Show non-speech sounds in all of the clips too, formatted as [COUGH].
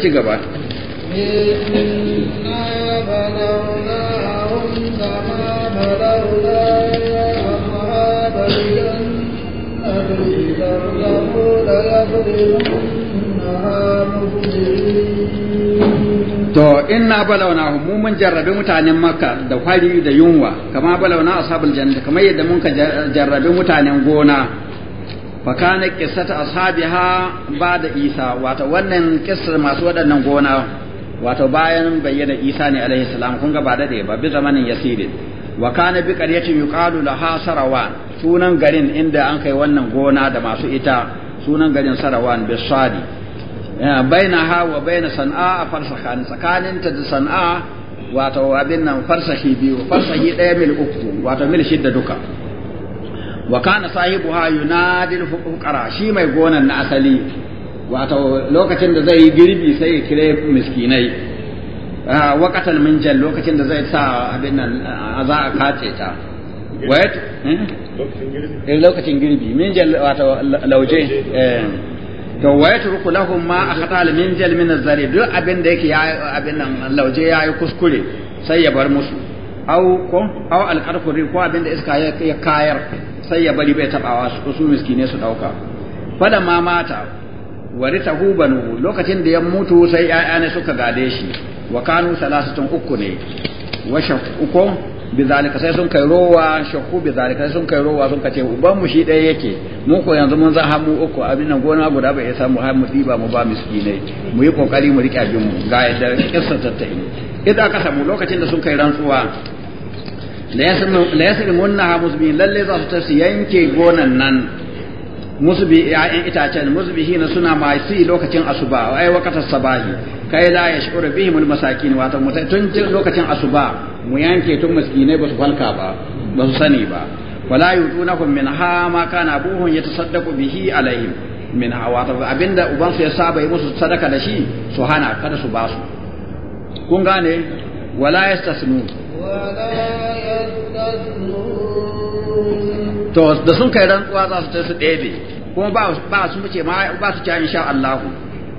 ci gaba To na balauna mu mun jarrabe mutanen Makka da kwari da yunwa kama balauna sabul janna kamar yadda mun ka jarrabe mutanen gona fakana kisata ashabiha da isa wato wannan kissar masu waɗannan gona wato bayan bayyana isa ne alaihi salam kun ga ba daɗe ba bi zamanin yasirin wa kana bi qaryatin yuqalu ha sarawan sunan garin inda an kai wannan gona da masu ita sunan garin sarawan bi sadi baina ha wa baina san'a farsakan tsakanin ta da san'a wato abin nan farsahi biyu farsahi daya mil uku wato mil shidda duka wa kana sahibuha yunadil fuqara shi mai gonan na asali wato lokacin da zai yi girbi sai ya kire miskinai ah, min minjal lokacin da zai sa abin nan ah, za a kace ta wait eh? lokacin girbi eh, minjal wato lauje eh. to wayat ruku lahum ma akhata al minjal min azari duk abin da yake ya abin nan lauje yayi kuskure sai ya bar musu au ko au al ko abin da iska ya kayar sai ya bari bai tabawa su su miskine su dauka fada ma mata warita hubanu lokacin da ya mutu sai yaya ne suka gade shi wa kanu salasatun uku ne wa shakku bizalika sai sun kai rowa shakku bizalika sai sun kai rowa sun kace uban mu shi ɗaya yake mu ko yanzu mun zan hamu uku abin nan gona guda bai isa mu har mu diba mu ba miskine mu yi kokari mu rike abin mu ga yadda kissa tattaini idan aka samu lokacin da sun kai rantsuwa la ha musubi lalle za su tarsi yanke gonan nan musbi ya'yan itacen na suna masu lokacin asuba ai wakatar sabahi kai la yashuru bihim wata mutane tun lokacin asuba mu yanke tun miskinai ba su falka ba ba su sani ba wala yudunahum min ha ma kana abuhum yatasaddaqu bihi alaihim min wato abinda ubansu ya saba yi musu sadaka da shi su hana kada su basu kun gane wala yastasnu wala to da sun kai rantsuwa za su ta su ɗebe kuma ba su ce ba su ce insha Allah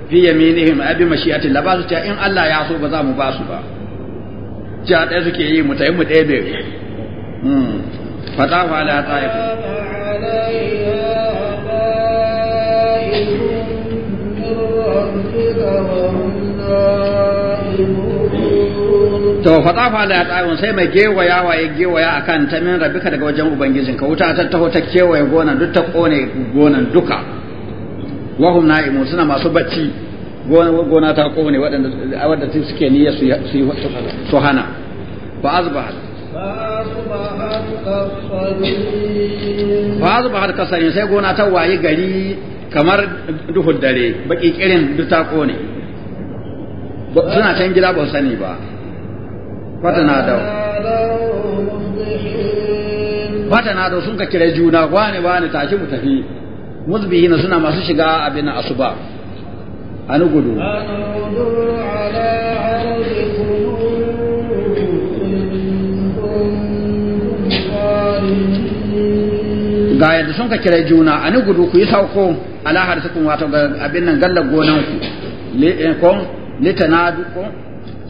fi yaminihim abi mashi'ati la ba su ce in Allah ya so ba za mu ba su ba ja ɗaya suke yi mu tayi mu ɗebe mm ta'if to fa tsafa da ta'un sai mai gewaya wa ya gewaya akan ta min rabbika daga wajen ubangijin ka wuta ta taho ta kewaye gonan duk ta kone gonan duka wahum na'imu suna masu bacci gona ta kone waɗanda suke niyya su yi su hana fa ba fa azbahat kasari sai gona ta wayi gari kamar duhu dare baki kirin duk ta kone suna can gida ba sani ba fatanadaw da sun ka kira juna wani wani tashi mu tafi musbihina suna masu shiga abin asuba an gudu ga yadda sun ka kira juna an gudu ku yi sauko ala harsukun wato ga abin nan gallar gonan ku eh, ko litanadu ko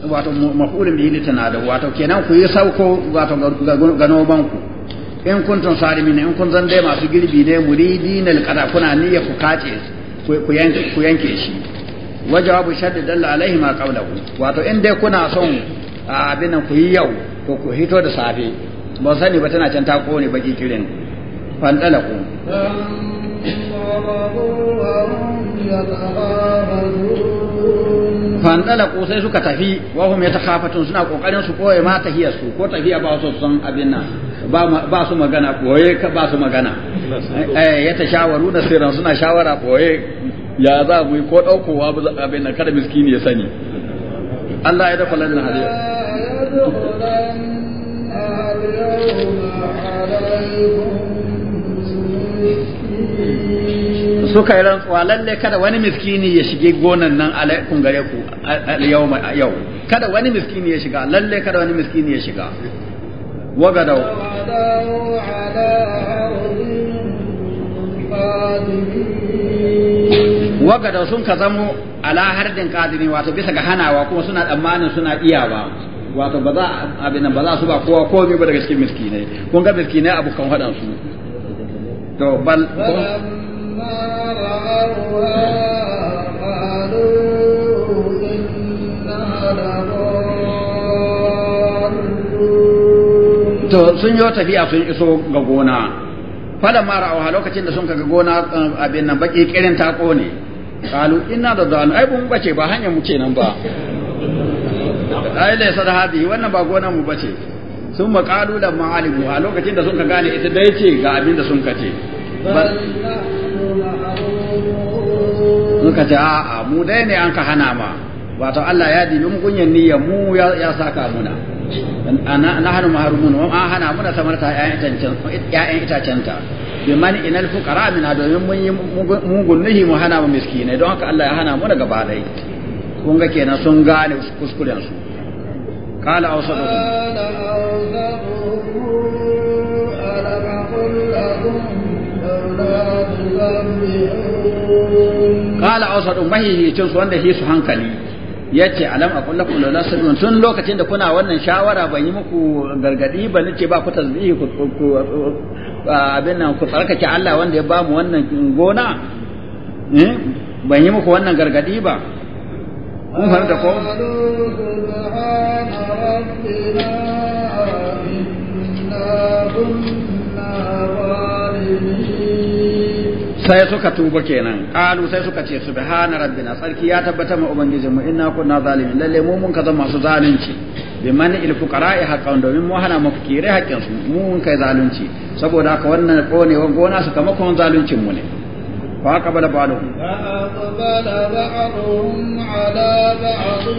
wato maf'ulun bihi da wato kenan ku yi sauko wato ga In kun tun salimi ne in kun zan dai masu girbi ne muridin alqada kuna niyya ku kace ku yanke shi. Wajen shi wa da shadda dalla alaihi ma qawluhu wato in dai kuna son abin ku yi yau ko ku hito da safe ba sani ba tana can ta kone baki kirin fantala ku ko sai suka tafi wa ya yatakhafatun suna kokarin su koye ma tahiyar su ko tafiya ba su son abin nan ba su magana koye ba su magana eh ya tashawaru da sirran suna shawara koye ya za mu yi ko daukowa abin nan kada miskini ya sani Allah ya dafa lana hadiya عليكم suka yi rantsuwa lalle kada wani miskini ya shige gonan nan alaikum gare ku yau yau kada wani miskini ya shiga lalle kada wani miskini ya shiga wagadau wagadau sun ka zamo ala hardin kadiri wato bisa ga hanawa kuma suna tsammanin suna iya ba wato ba za abin ba za su ba kowa komai ba daga cikin miskinai kun ga miskinai abukan haɗansu to bal to sun yi tafiya sun iso ga gona fada mara a lokacin da sun kaga gona eh, abin nan baki kirin ta kone kalu ina da zanu ai mun bace ba hanyar mu kenan ba ai da sada hadi wannan ba gona mu bace sun maqalu da ma'alimu a lokacin da sun ka gane ita dai ce ga abin da sun kace suka ce a'a mu dai ne an ka hana ma wato Allah ya dibi mu kunyan niyya mu ya saka muna ana nahnu mahrumun wa an hana muna samarta ƴaƴan itacen ƴaƴan itacen ta bi man inal fuqara min domin mun yi mugun nihi mu hana mu miskinai don haka Allah ya hana mu daga yi kun ga kenan sun gane kuskuren su قال أوسطهم قال أوسطهم ألم أقل لكم لولا kala qala awsadu mahihicin su wanda shi su hankali yace alam aqul lakum la nasbun tun lokacin da kuna wannan shawara ban yi muku gargadi ba ce ba ku tasbihi ku abin nan ku tsarkake Allah wanda ya bamu wannan gona eh ban yi muku wannan gargadi ba kun farka ko sai suka tuba kenan qalu sai suka ce subhana rabbina sarki ya tabbata ma ubangijin mu inna kunna zalimin lalle mu mun kaza masu zalunci bi man il fuqara'i haqqan domin mu hana mu kire haƙƙin su mu mun kai zalunci saboda haka wannan konewan gona su kama kon zaluncin mu ne fa qabala ba'du qabala ba'dhum ala ba'd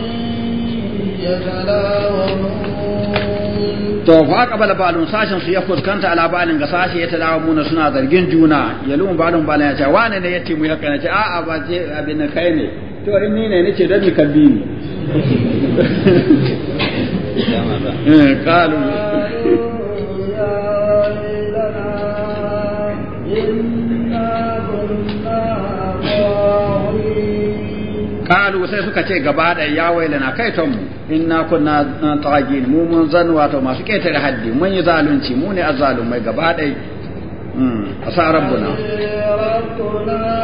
yatalawamun to fa aqbala balun sashin su ya fuskanta ala balin ga sashi ya na suna zargin juna lumu balun balan ya ce wane ne yace mu ce a a ba ce abin na kai ne to in ni ne nace dan mi kabbi ni qalu [LAUGHS] qalu sai suka ce gaba da ya na kai ton mu inna kunna tagin mu mun zan wato masu da haddi mun yi zalunci mu ne azalumai gaba da hmm, asa rabbuna rabbuna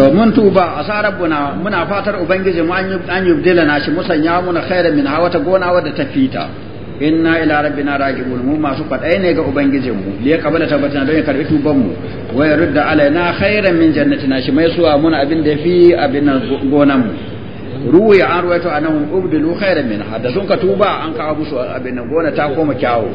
to mun tuba a sa rabbuna muna fatar ubangiji mu an yubdila na shi musanya muna khairan min hawata gona wadda ta fita inna ila rabbina raji'un mu masu kwadai ne ga ubangijin mu liya kabala tabbatana don ya karbi tuban mu wa rudda alaina khairan min jannatina shi mai suwa muna abin da fi abin gonan mu ya an ruwaito anan ubdilu khairan min hada sun ka tuba an kawo musu abin gona ta koma kyawu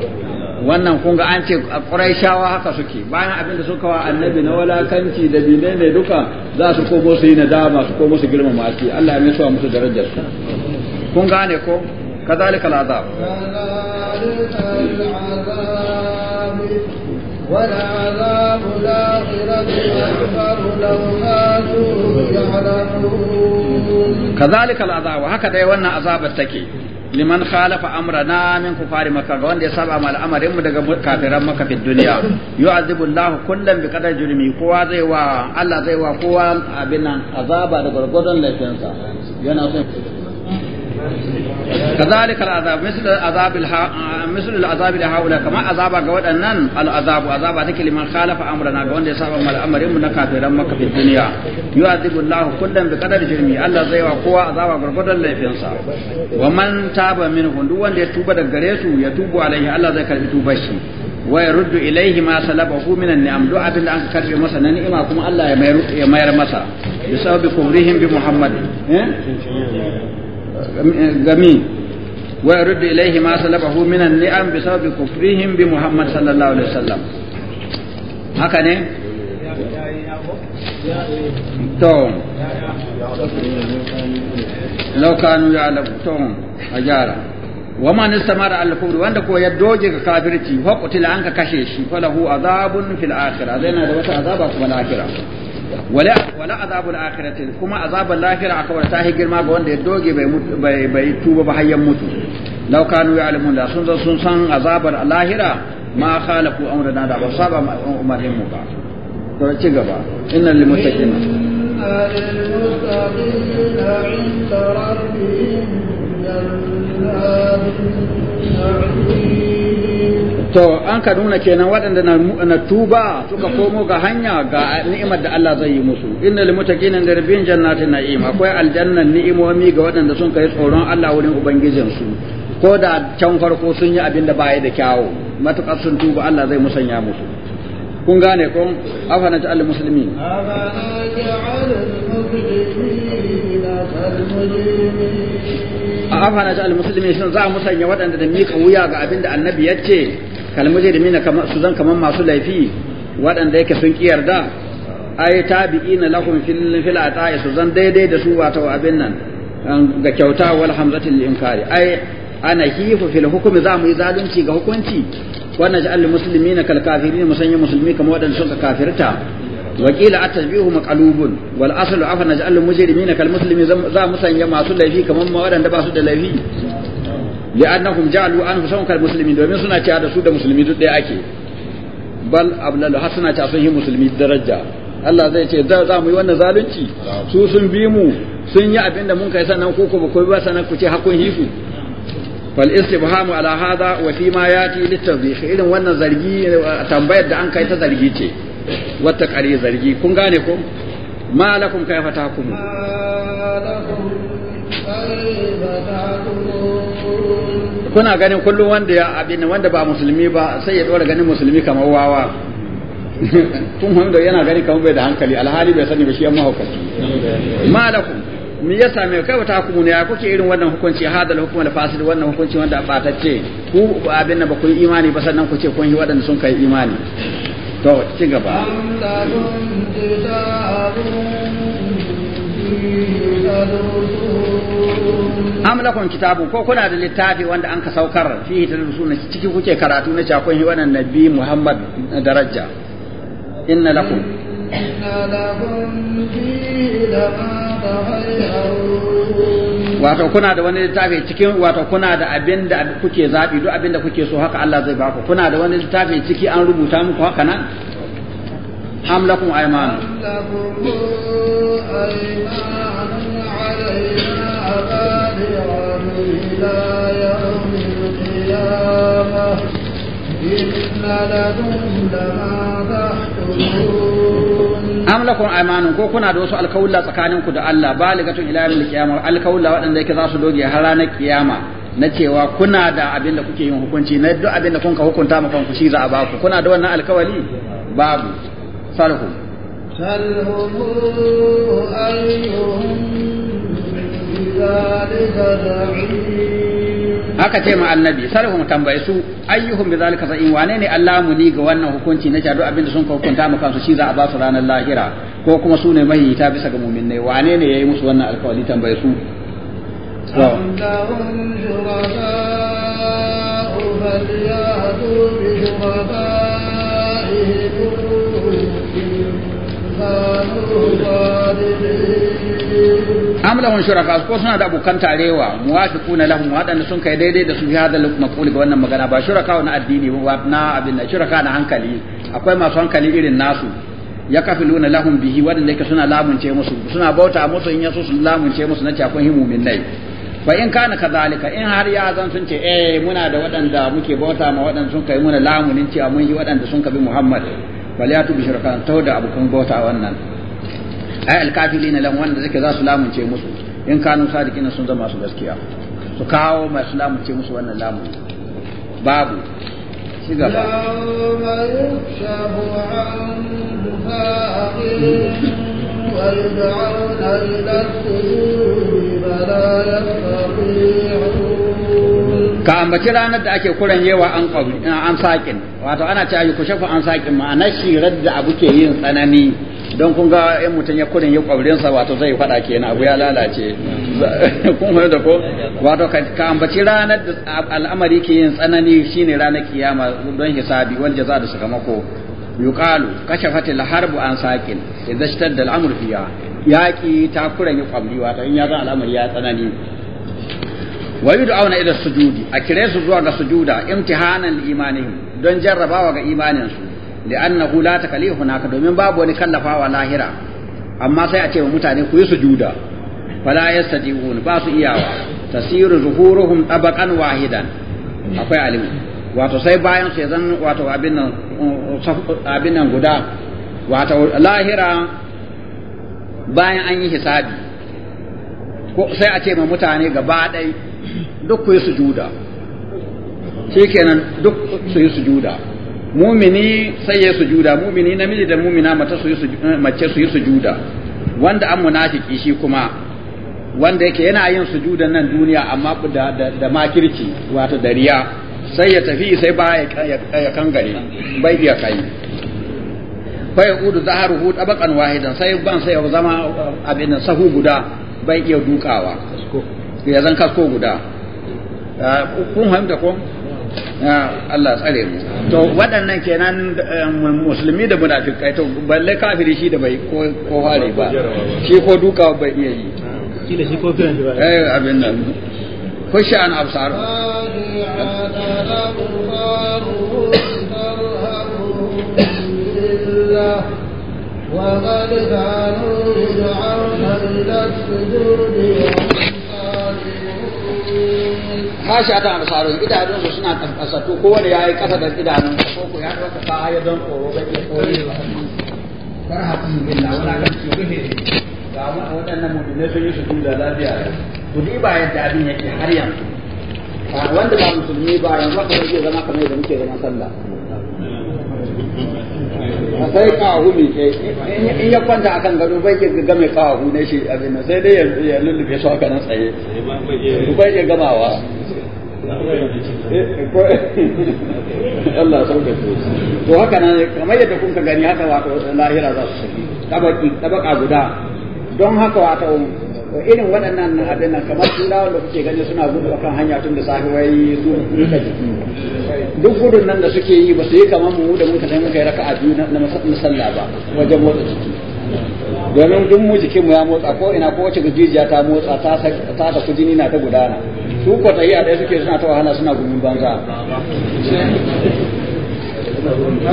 wannan kun ga an ce ƙuraishawa haka suke bayan abin da suka wa annabi na walakanci da bine ne duka za su komo su yi nadama su komo su girmama shi Allah ya mai suwa musu darajar su kun gane ko kazalika al'azab ولعذاب الآخرة أكبر لو كانوا يعلمون كذلك العذاب هكذا يوانا عذاب التكي liman khalafa amrana min kufari makka ga wanda ya saba mal amarin mu daga kafiran makka fi duniya yu'adhibu Allah kullam bi qadar jurmi kowa zai wa Allah zai wa kowa abin azaba da gurgurdan laifinsa yana son كذلك العذاب مثل العذاب الها... مثل kamar لهؤلاء كما عذاب ga waɗannan al'azabu azaba take liman khalafa amrana ga wanda ya saba mal amarin a na kafiran makka fi duniya yu'adhibu Allahu kullan bi qadari jirmi Allah zai wa kowa azaba gurgurdan laifinsa wa man taba minhu duk wanda ya tuba daga gare su ya tubu alaihi Allah zai karbi tubar shi wa yaruddu ilaihi ma salabahu minan ni'am duk abin da aka karbe masa na ni'ima kuma Allah ya mayar masa bi sababi bi Muhammad gami wa yurdu ilayhi ma salafahu min an-ni'am ga kafirci fa kashe shi falahu azabun da wata azaba kuma wala wala azabul akhirati kuma azabul lahira kawar tahi girma ga wanda ya doge bai bai bai tuba ba hayyan mutu law kanu ya'lamun da sun sun san azabar lahira ma khalafu amrana da ba saba umarnin mu ba to ci gaba innal lil muttaqin عند ربهم جنات النعيم to an ka nuna kenan waɗanda na tuba suka komo ga hanya ga ni'imar da Allah zai yi musu inna lil muttaqina da rabbin jannatin na'im akwai aljanna ni'imomi ga waɗanda sun kai tsoron Allah wurin ubangijin su ko da can farko sun yi abin da baya da kyawu matukar sun tuba Allah zai musanya musu kun gane ko afana ta al muslimin afana ta al muslimin shin za mu musanya waɗanda da mika wuya ga abin da annabi ya ce kalmujrimina kama su zan kaman masu laifi waɗanda yake sun da. ai tabi'ina lahum fil fil ata'i su zan daidai da su wato abin nan ga kyauta wal hamzati lil inkari ai ana hifu fil hukmi za mu yi zalunci ga hukunci wannan ja'al muslimina kal kafirin musanya musulmi kamar waɗanda suka kafirta وقيل التشبيه مقلوب والاصل عفوا نجعل المجرمين كالمسلمين ذا za mu sanya masu laifi ما waɗanda ba su da laifi. li'annahum ja'alu anfusahum kal muslimin domin suna cewa da su da musulmi duk ɗaya ake bal ablalu har suna cewa sun yi musulmi daraja Allah zai ce za mu yi wannan zalunci su sun bi mu sun yi abin da mun kai sannan ko ko bakwai ba sannan ku ce hakun hisu fal istibhamu ala hada wa fi ma yati litawdih irin wannan zargi tambayar da an kai ta zargi ce wata kare zargi kun gane ko ma lakum kayfa tahkumu ma lakum kayfa tahkumu kuna ganin kullum wanda ya abin wanda ba musulmi ba sai ya dora ganin musulmi kamar wawa [LAUGHS] tun wanda yana gani kamar bai da hankali alhali bai sani ba shi amma hukunci malakum me yasa me kai wata hukumu ne ya kuke irin wannan hukunci hadal hukuma da fasid wannan hukunci wanda batacce ku abin nan ba ku yi imani ba sannan ku ce kun yi wadanda sun kai imani to ci gaba am lakum kitabu ko kuna da littafi wanda an ka saukar fihi tadrusuna cikin kuke karatu na cakon wannan nabi Muhammad daraja inna lakum wato kuna da wani littafi cikin wato kuna da abin da kuke zaɓi duk abin da kuke so haka Allah zai baku kuna da wani littafi ciki an rubuta muku haka nan am lakum am lakum aymanun ko kuna da wasu alkawulla tsakaninku da Allah baligatun ila yawmil qiyamah alkawulla waɗanda yake za su doge har ranar kiyama na cewa kuna da abin da kuke yin hukunci na duk abin da kun ka hukunta ma kanku shi za a baku kuna da wannan alkawali babu سالهم Haka aka ce ma annabi sarhum tambaye su ayyuhum bi zalika sa'in wane ne Allah mu ni ga wannan hukunci na jadu abinda sun hukunta mu kansu shi za a ba su ranar lahira ko kuma su ne mahiyita bisa ga ne wane ne yayi musu wannan alƙawari tambaye su فليأتوا am lahum shuraka ko suna da abokan tarewa muwafiquna lahum wadanda sun kai daidai da su hada maqul ga wannan magana ba shuraka na addini ba na abin shuraka na hankali akwai masu hankali irin nasu ya kafiluna lahum bihi wadanda yake suna lamunce musu suna bauta musu in yaso su lamunce musu na cakon min nai fa in kana kadhalika in har ya zan sun ce eh muna da wadanda muke bauta ma wadanda sun kai muna lamunin cewa mun yi wadanda sun kabi Muhammad wal ya tubi shirkan tauda abokan bauta wannan ai alkafirina lan wanda zake za su lamunce musu in kanu sadikin sun zama su gaskiya su kawo masu lamunce musu wannan lamun babu shi gaba ka ambaci ranar da ake kuran yewa an an saƙin wato ana ce ayi ku shafa an saƙin ma'anar shirar da abu ke yin tsanani don kun ga yan mutum ya kudin ya sa wato zai fada kenan abu ya lalace [LAUGHS] kun hoyo da ko wato ka ambaci ranar da al'amari ke yin tsanani shine ranar kiyama don hisabi wanda za da mako. yuqalu kashafat al harbu an saqin idza ishtadda al amru fiha yaqi ta kuran ya kwabri wato in ya ga al'amari ya tsanani wa yud'auna ila sujudi a kire su zuwa ga sujuda imtihanan imanihim don jarrabawa ga imaninsu li'annahu la takalifu naka domin babu wani kallafawa lahira amma sai a ce wa mutane ku yi sujuda fala yastajibun ba su iyawa tasiru zuhuruhum tabaqan wahidan akwai alimi wato sai bayan su zan wato abin nan abin nan guda wato lahira bayan an yi hisabi ko sai a ce ma mutane gaba ɗai duk ku yi sujuda shikenan duk su yi sujuda mumini sai ya sujuda mumini namiji da mumina mace su yi eh, mace su yi sujuda wanda an munafiki shi kuma wanda yake yana yin sujudan nan duniya amma da da, makirci wato dariya sai ya tafi sai ba ya kangare bai biya kai bai udu zaharuhu tabakan wahidan sai ban sai ya zama eh, abin sahu guda bai iya dukawa ya zan kasko guda eh, kun fahimta ko Ah, Allah tsare mu to waɗannan kenan eh, musulmi da munafikai to balle kafiri shi da bai ko ko hali ba shi ko duka bai iya yi kila shi ko fiye da ba eh abin nan kushi an absar وقد كانوا يدعون إلى السجود khashatan absaru idanun su suna kankasatu kowane yayi kasa da idanun ko ko ya don ke koyi wala kan ga sun yi su da lafiya ku ba yadda abin yake har yanzu wanda ba musulmi ba yanzu haka zai zama kamar yadda muke zaman sallah sai kahu mai in ya kwanta akan gado bai iya ga mai kawo ne shi abin sai dai ya lullube su haka nan tsaye bai gama gamawa eh, Allah sauke su to haka nan kamar yadda kun ka gani haka wato lahira za su tafi tabaki tabaka guda don haka wato to irin waɗannan abin nan kamar suna da kuke gani suna gudu akan hanya tun da safe wai su jiki duk gudun nan da suke yi ba su yi kamar mu da muka sai muka yi raka'a biyu na musalla ba wajen motsa jiki domin duk mu jikin mu ya motsa ko ina ko wace gajijiya ta motsa ta ta ta jini na ta gudana su ko tsayi a ɗaya suke suna ta wahala suna gumin banza eh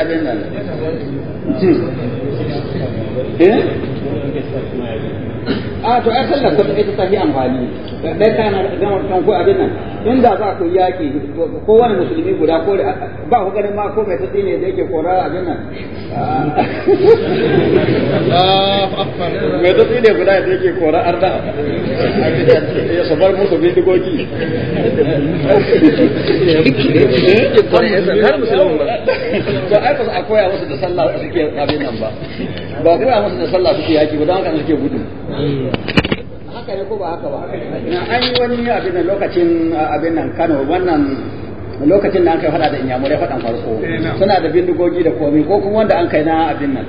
abin nan eh a to ai sallar ta ita ta fi amfani dai ta na gama kan ko abin nan inda za ku yaki ko wani musulmi guda ko ba ku ganin ma ko mai tsini ne da yake kora abin nan mai tsini ne guda da yake kora arda ya sabar musu bindigogi har musulmi ba to ai ba a koya musu da sallah suke abin nan ba ba kira musu da sallah suke yaki ba don haka suke gudu haka ne ko ba haka ba na an yi wani abin nan lokacin abin nan Kano wannan lokacin da an kai fada da inyamu inyamurai fadan farko eh, suna da bindigogi da komi ko kuma wanda an kai na abin nan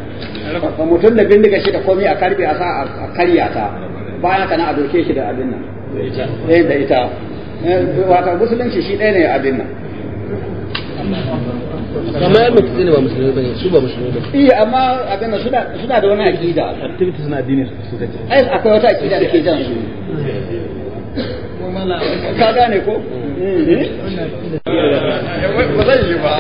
mutum da bindiga shi da komi a karbe a sa a karya ta bayan kana a doke shi da abin nan da ita eh, eh, wata musulunci shi ɗaya ne abin nan kamar mutum ne ba musulmi bane su ba musulmi bane iya eh, amma a gana suna suna da wani aqida activities na addini su kace ai akwai wata aqida da ke jan su ka gane ko ba zan yi ba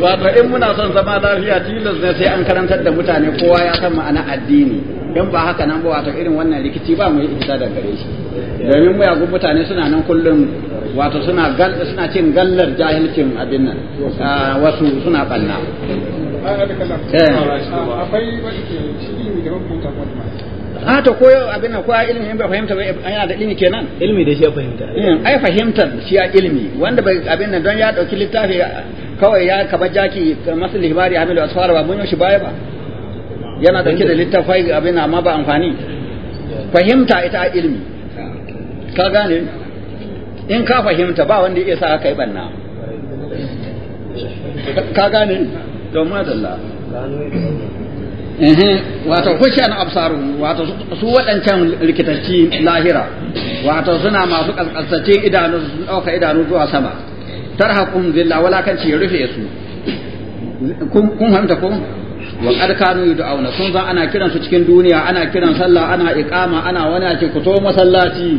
wato in muna son zama lafiya tilas ne sai an karantar da mutane kowa ya san ma'ana addini don ba haka nan ba wato irin wannan rikici ba mu yi ihsa da gare shi domin muyagun mutane suna nan kullum wato suna suna cin gallar jahilcin abin nan wasu suna banna eh. a to ko abin nan ko ilimi ba fahimta ba yana da ilimi kenan ilimi da shi ya fahimta eh, ai fahimtar shi ya ilimi wanda bai abin nan don ya dauki littafi kawai ya kaba jaki masu su lihbari hamilu asfara ba mun yi shi baya ba yana dauke da littafai abin amma ba amfani fahimta ita ilmi ka gane in ka fahimta ba wanda ya sa aka yi banna ka gane don madalla wato kushen absaru wato su waɗancan rikitacci lahira wato suna masu ƙasƙasacin idanu sun ɗauka idanu zuwa sama tarhaqum zilla kan ci rufe su kun fahimta kun wa qad kanu yud'auna sun zan ana kiran su cikin duniya ana kiran sallah ana iqama ana wani ake ku to masallaci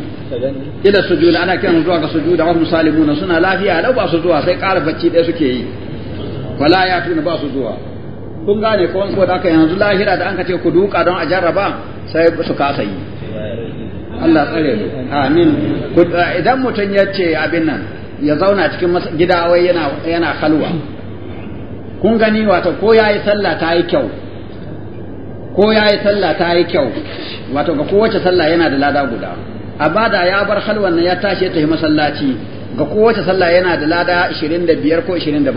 ila sujud ana kiran zuwa ga sujuda wa musalimuna suna lafiya lau ba su zuwa sai ƙara bacci dai suke yi wala ya tuna ba su zuwa kun gane ko an da aka yanzu lahira da an ka ce ku duka don a jarraba sai su kasa yi Allah tsare mu amin idan mutum ya ce abin nan ya zauna cikin gida wai yana yana halwa kun gani wato ko yayi sallah ta yi kyau ko yayi sallah ta yi kyau wato ga kowace sallah yana da lada guda a bada ya bar halwan nan ya tashi ta yi masallaci ga kowace sallah yana da lada 25 ko 27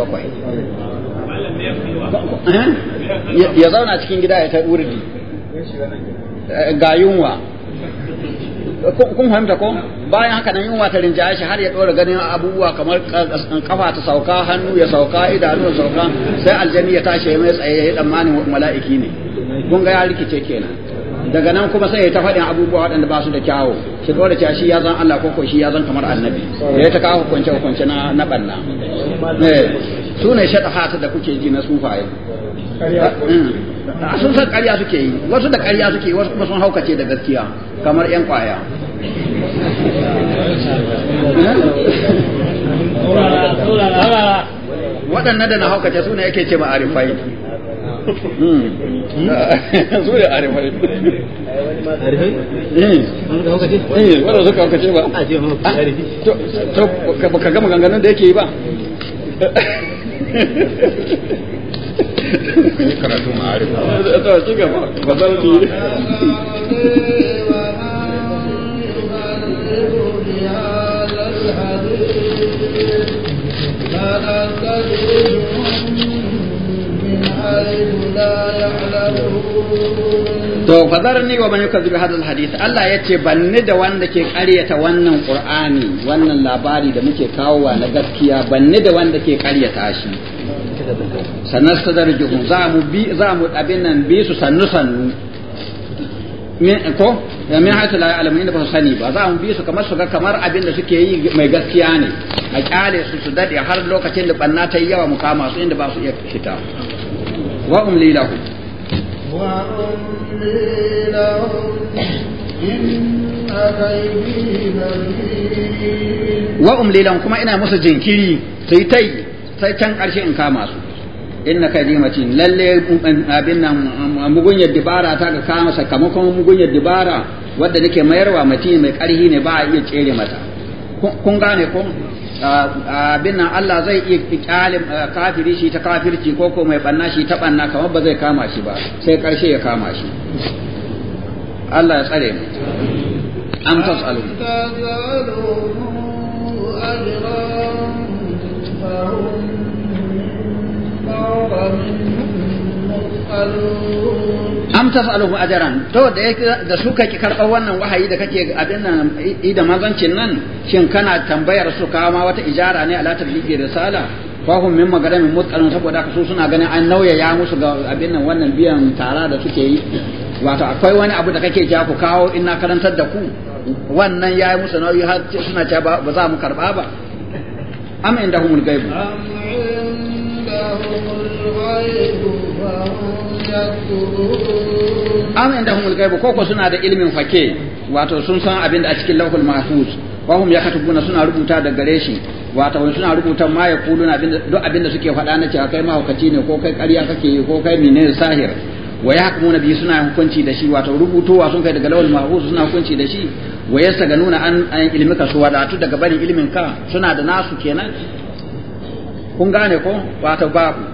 eh? ya zauna cikin gida ya ta urdi eh, ga yunwa kun fahimta ko bayan haka nan yunwa ta rinjaya shi har ya ɗora ganin abubuwa kamar kafa ta sauka hannu ya sauka idanu ya sauka sai aljani ya tashi ya mai tsaye ya yi tsammanin mala'iki ne kun ga ya rikice kenan daga nan kuma sai ya ta faɗin abubuwa waɗanda ba su da kyawu shi ɗora cewa shi ya zan Allah ko ko shi ya zan kamar annabi ya ta kawo hukunce hukunce na na ɓanna eh. su ne shaɗafata da kuke ji na sufaye eh. sun san ƙarya suke yi wasu da ƙarya suke yi wasu kuma sun haukace da gaskiya kamar 'yan kwaya. waɗannan da na haukace su ne yake ce ma'arifai hmm. [LAUGHS] su ne arifai arifai? Eh. Eh, wadda suka haukace ba a ce ma ah, to ka gama ganganin da yake yi ba karatu ma'arifa ta لا to fadarni wa man yukazzibu hadal alhadith Allah yace banni da wanda ke ƙaryata wannan Qur'ani wannan labari da muke kawowa na gaskiya banni da wanda ke ƙaryata shi sanar sadarjuhum za mu bi za mu abin nan bi su sannu sannu me ko min haitu la alamu inda ba su sani ba za mu bi su kamar su ga kamar abin da suke yi mai gaskiya ne a kyale su su dade har lokacin da banna ta yi yawa mu kama su inda ba su iya fita wa umli lahum wa لهم kuma ina musu jinkiri sai tai sai can ƙarshe in kama su inna kaidi matin lalle abin nan mugunyar dibara ta ga kama sakamakon mugunyar dibara wadda nake mayarwa mace mai ƙarhi ne ba a iya tsere mata kun gane kun abin nan Allah zai iya kyalin kafiri shi ta kafirci ko ko mai banna shi ta banna kamar ba zai kama shi ba sai karshe ya kama shi Allah ya tsare mu am tasalu am taf'aluhu ajran to da yake da suka ki karɓar wannan wahayi da kake abin nan da mazancin nan shin kana tambayar su ma wata ijara ne ala da sala fahum min magaramin mutqalin saboda su suna ganin an nauya ya musu ga abin nan wannan biyan tara da suke yi wato akwai wani abu da kake ja ku kawo in karantar da ku wannan yayi musu nauyi har suna ta ba za mu karba ba am humul gaibu am inda humul gaibu koko suna da ilimin fake wato sun san abin da a cikin lauhul mahfuz wa hum yakatubuna suna rubuta da gare shi wato wani suna rubuta ma ya duk abin da suke faɗa na cewa kai mahaukaci ne ko kai ƙarya kake yi ko kai mene sahir wa yahkumuna biyu suna hukunci da shi wato rubutowa sun kai daga lawal mahfuz suna hukunci da shi wa yastaganuna an an ilmika su wadatu daga barin ilmin ka suna da nasu kenan kun gane ko wato babu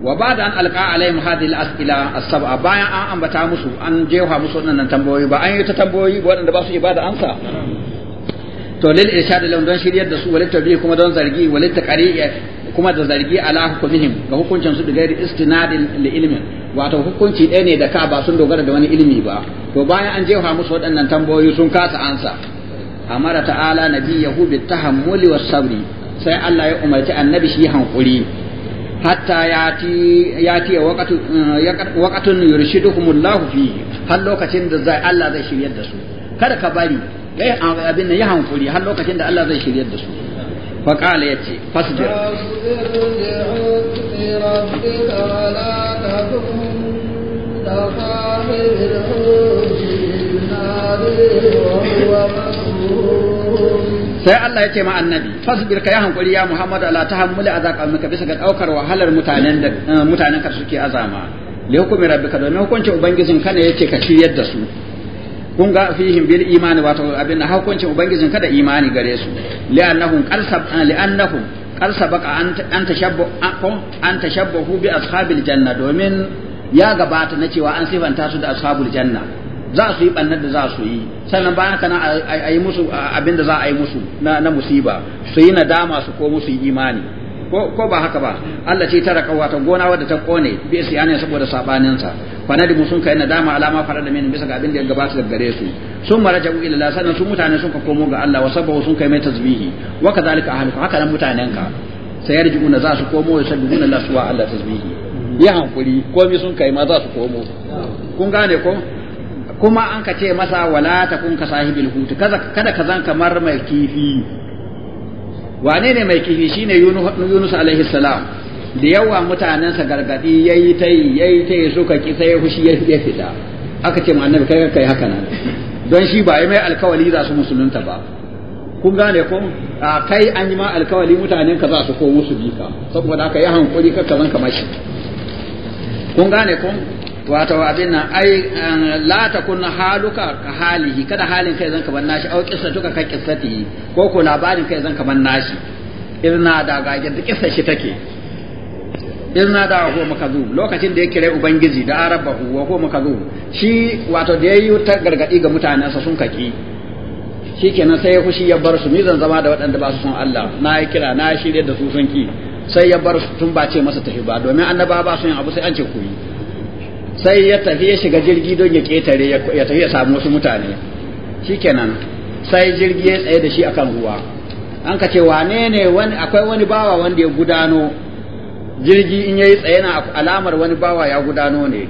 wa ba'da an alqa alaihim hadhihi al-as'ila as-sab'a bayan an ambata musu an jefa musu wannan tambayoyi ba an yi ta tambayoyi ba wanda ba su ibada ansa to lil irshad lam don shiryar da su wal tabi'i kuma don zargi wal taqri'i kuma da zargi ala hukumihim ga hukuncin su da gairi istinadin li ilmin wato hukunci ɗaya ne da ka ba sun dogara da wani ilimi ba to bayan an jefa musu waɗannan tambayoyi sun kasa ansa amara ta'ala nabiyahu bi tahammuli was sabri sai Allah ya umarci annabi shi hankuri hatta yati yati waqatu waqatun yurshiduhumullahu fi har lokacin da zai Allah zai shiryar da su kada ka bari yayi abin nan ya hankuri har lokacin da Allah zai shiryar da su fa qala yace fasbir وهو مسرور sai Allah ya ce ma annabi fasbir ka hankuri ya Muhammad ala tahammuli azaqamika bisa ga daukar wahalar mutanen da eh, mutanen ka suke azama li hukumi rabbika domin hukuncin ubangijin ka ne yace ka ciyar da su kun ga fihim bil imani wato abin da hukuncin ubangijin ka da imani gare su annahum qalsab eh, li'annahum qalsabaka an tashabbu an tashabbahu bi ashabil janna domin ya gabata na cewa an sifanta su da ashabul janna za su yi bannar da za su yi sannan bayan kana a yi musu abin da za a yi musu na musiba su yi nadama su ko musu imani ko ba haka ba Allah ce tara kawata gona wadda ta kone bi siyanin saboda sabanin sa fanadi musun kai nadama alama fara da min bisa ga abin da ya gabata daga gare su sun mara ila la sannan su mutane sun ka komo ga Allah wa sabahu sun kai mai tasbihi wa kadhalika ahluka haka nan mutanen ka sai yarjiuna za su komo ya sabbihuna Allah suwa Allah tasbihi ya hankuri komai sun kai ma za su komo kun gane ko kuma an ka ce masa wala kun ka sahibin hutu kada ka zan kamar mai kifi wane ne mai kifi shine Yunus alaihi salam da yawa sa gargadi yayi ta yayi ta suka ki sai fushi ya fita aka ce mu annabi kai kai haka nan don shi ba mai alkawali za su musulunta ba kun gane ko a kai an yi ma alkawali mutanen ka za su ko musu bika saboda haka yi hankuri ka zan kamar shi kun gane ko wato abin nan ai eh, la ta kunna haluka ka halihi kada halin kai zan ka banna shi au qissatuka ka qissatihi ko ko labarin kai zan ka banna shi irna da ga yadda kissa shi take irna da ho makazu lokacin da ya kire ubangiji da arabahu wa ho makazu shi wato da yayi ta gargadi ga mutanen sa sun kaki shikenan sai ya fushi ya bar su ni zan zama da waɗanda ba su son Allah na yi kira na shirye da su sun ki sai ya bar su tun ba ce masa tafi ba domin annaba ba su yin abu sai an ce ku yi sai ya tafi ya shiga jirgi don ya ketare ya tafi ya samu wasu mutane shikenan sai jirgi ya tsaye da shi akan ruwa an ka ce wane ne wani akwai wani bawa wanda ya gudano jirgi in yayi tsaye na alamar wani bawa ya gudano ne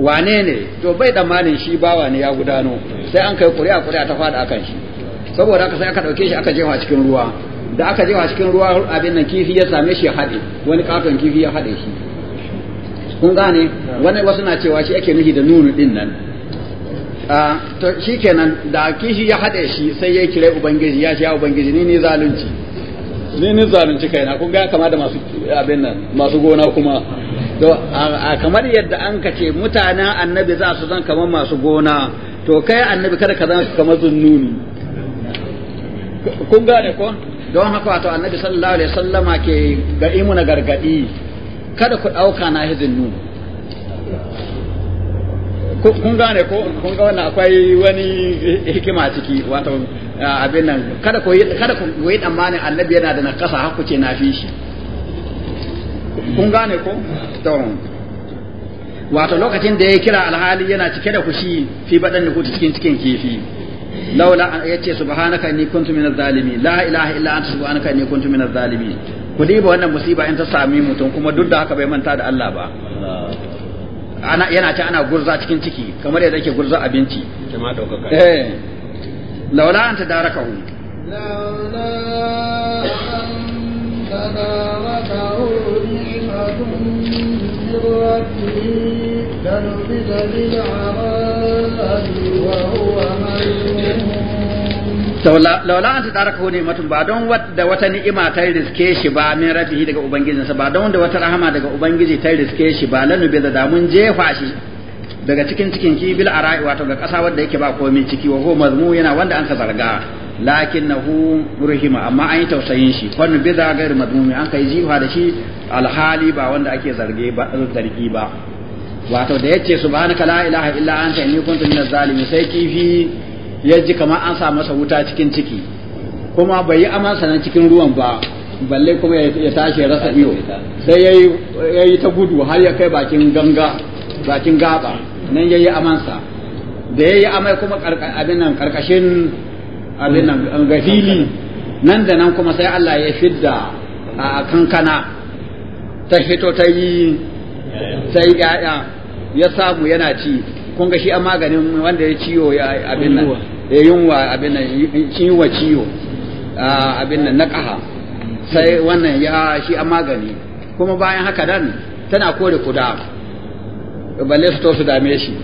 wane ne to bai da malin shi bawa ne ya gudano sai an kai kuri'a kuri'a ta fada akan shi saboda haka sai aka dauke shi aka jefa cikin ruwa da aka jefa cikin ruwa abin nan kifi ya same shi ya hade wani katon kifi ya hade shi kun gane wani wasu na cewa shi ake nufi da nunu din nan to shi kenan da kishi ya haɗe shi sai ya kire ubangiji ya ce ya ubangiji ni ne zalunci ni ne zalunci kaina kun ga kama da masu abin nan masu gona kuma to a kamar yadda an ka ce mutanen annabi za su zan kamar masu gona to kai annabi kada ka zan kamar zunnuni kun gane ko don haka wato annabi sallallahu alaihi wasallama ke ga imuna gargadi kada ku ɗauka na hizin nu kun gane ko kun ga wannan akwai wani hikima ciki wato abin nan kada ku kada ku yi tsammanin annabi yana da nakasa har ku ce na fi shi kun gane ko to wato lokacin da ya kira alhali yana cike da kushi fi badan ku cikin cikin kifi laula yace subhanaka inni kuntu minaz zalimin la ilaha illa anta subhanaka inni kuntu minaz zalimin ku diba wannan musiba in ta sami mutum kuma duk da haka bai manta da Allah ba ana yana ta ana gurza cikin ciki kamar yadda ake gurza abinci jama'a daukaka eh laula an tadarakahu laula an tadarakahu ni'matun min rabbihi lanfida bil 'arabi wa huwa laula an tadaraka ne ba don da wata ni'ima ta riske shi ba min rafihi daga ubangijinsa ba don da wata rahama daga ubangiji ta riske shi ba lanu bi da mun jefa shi daga cikin cikin kibil ara'i wato ga kasa wanda yake ba komai ciki wa huwa mazmu yana wanda an ka zarga lakinnahu murhima amma an yi tausayin shi fannu bi da gairu mazmumi an kai jifa da shi alhali ba wanda ake zarge ba zargi ba wato da yace subhanaka la ilaha illa anta inni kuntu minaz zalimin sai kifi ya ji kamar an sa masa wuta cikin ciki kuma bai yi amansa nan cikin ruwan ba balle kuma ya tashi rasa iyo sai ya yi ta gudu har ya kai bakin ganga bakin gaba nan ya yi amansa da ya yi amai kuma abin nan karkashin abin nan gafili nan da nan kuma sai Allah ya fidda a kankana ta fito ta yi sai ya'ya ya samu yana ci kun ga shi a maganin wanda ya ciwo ya abin nan ya yunwa abin nan ciwo ciwo abin nan na ƙaha sai wannan ya shi a magani kuma bayan haka nan tana kore kuda balle su to su dame shi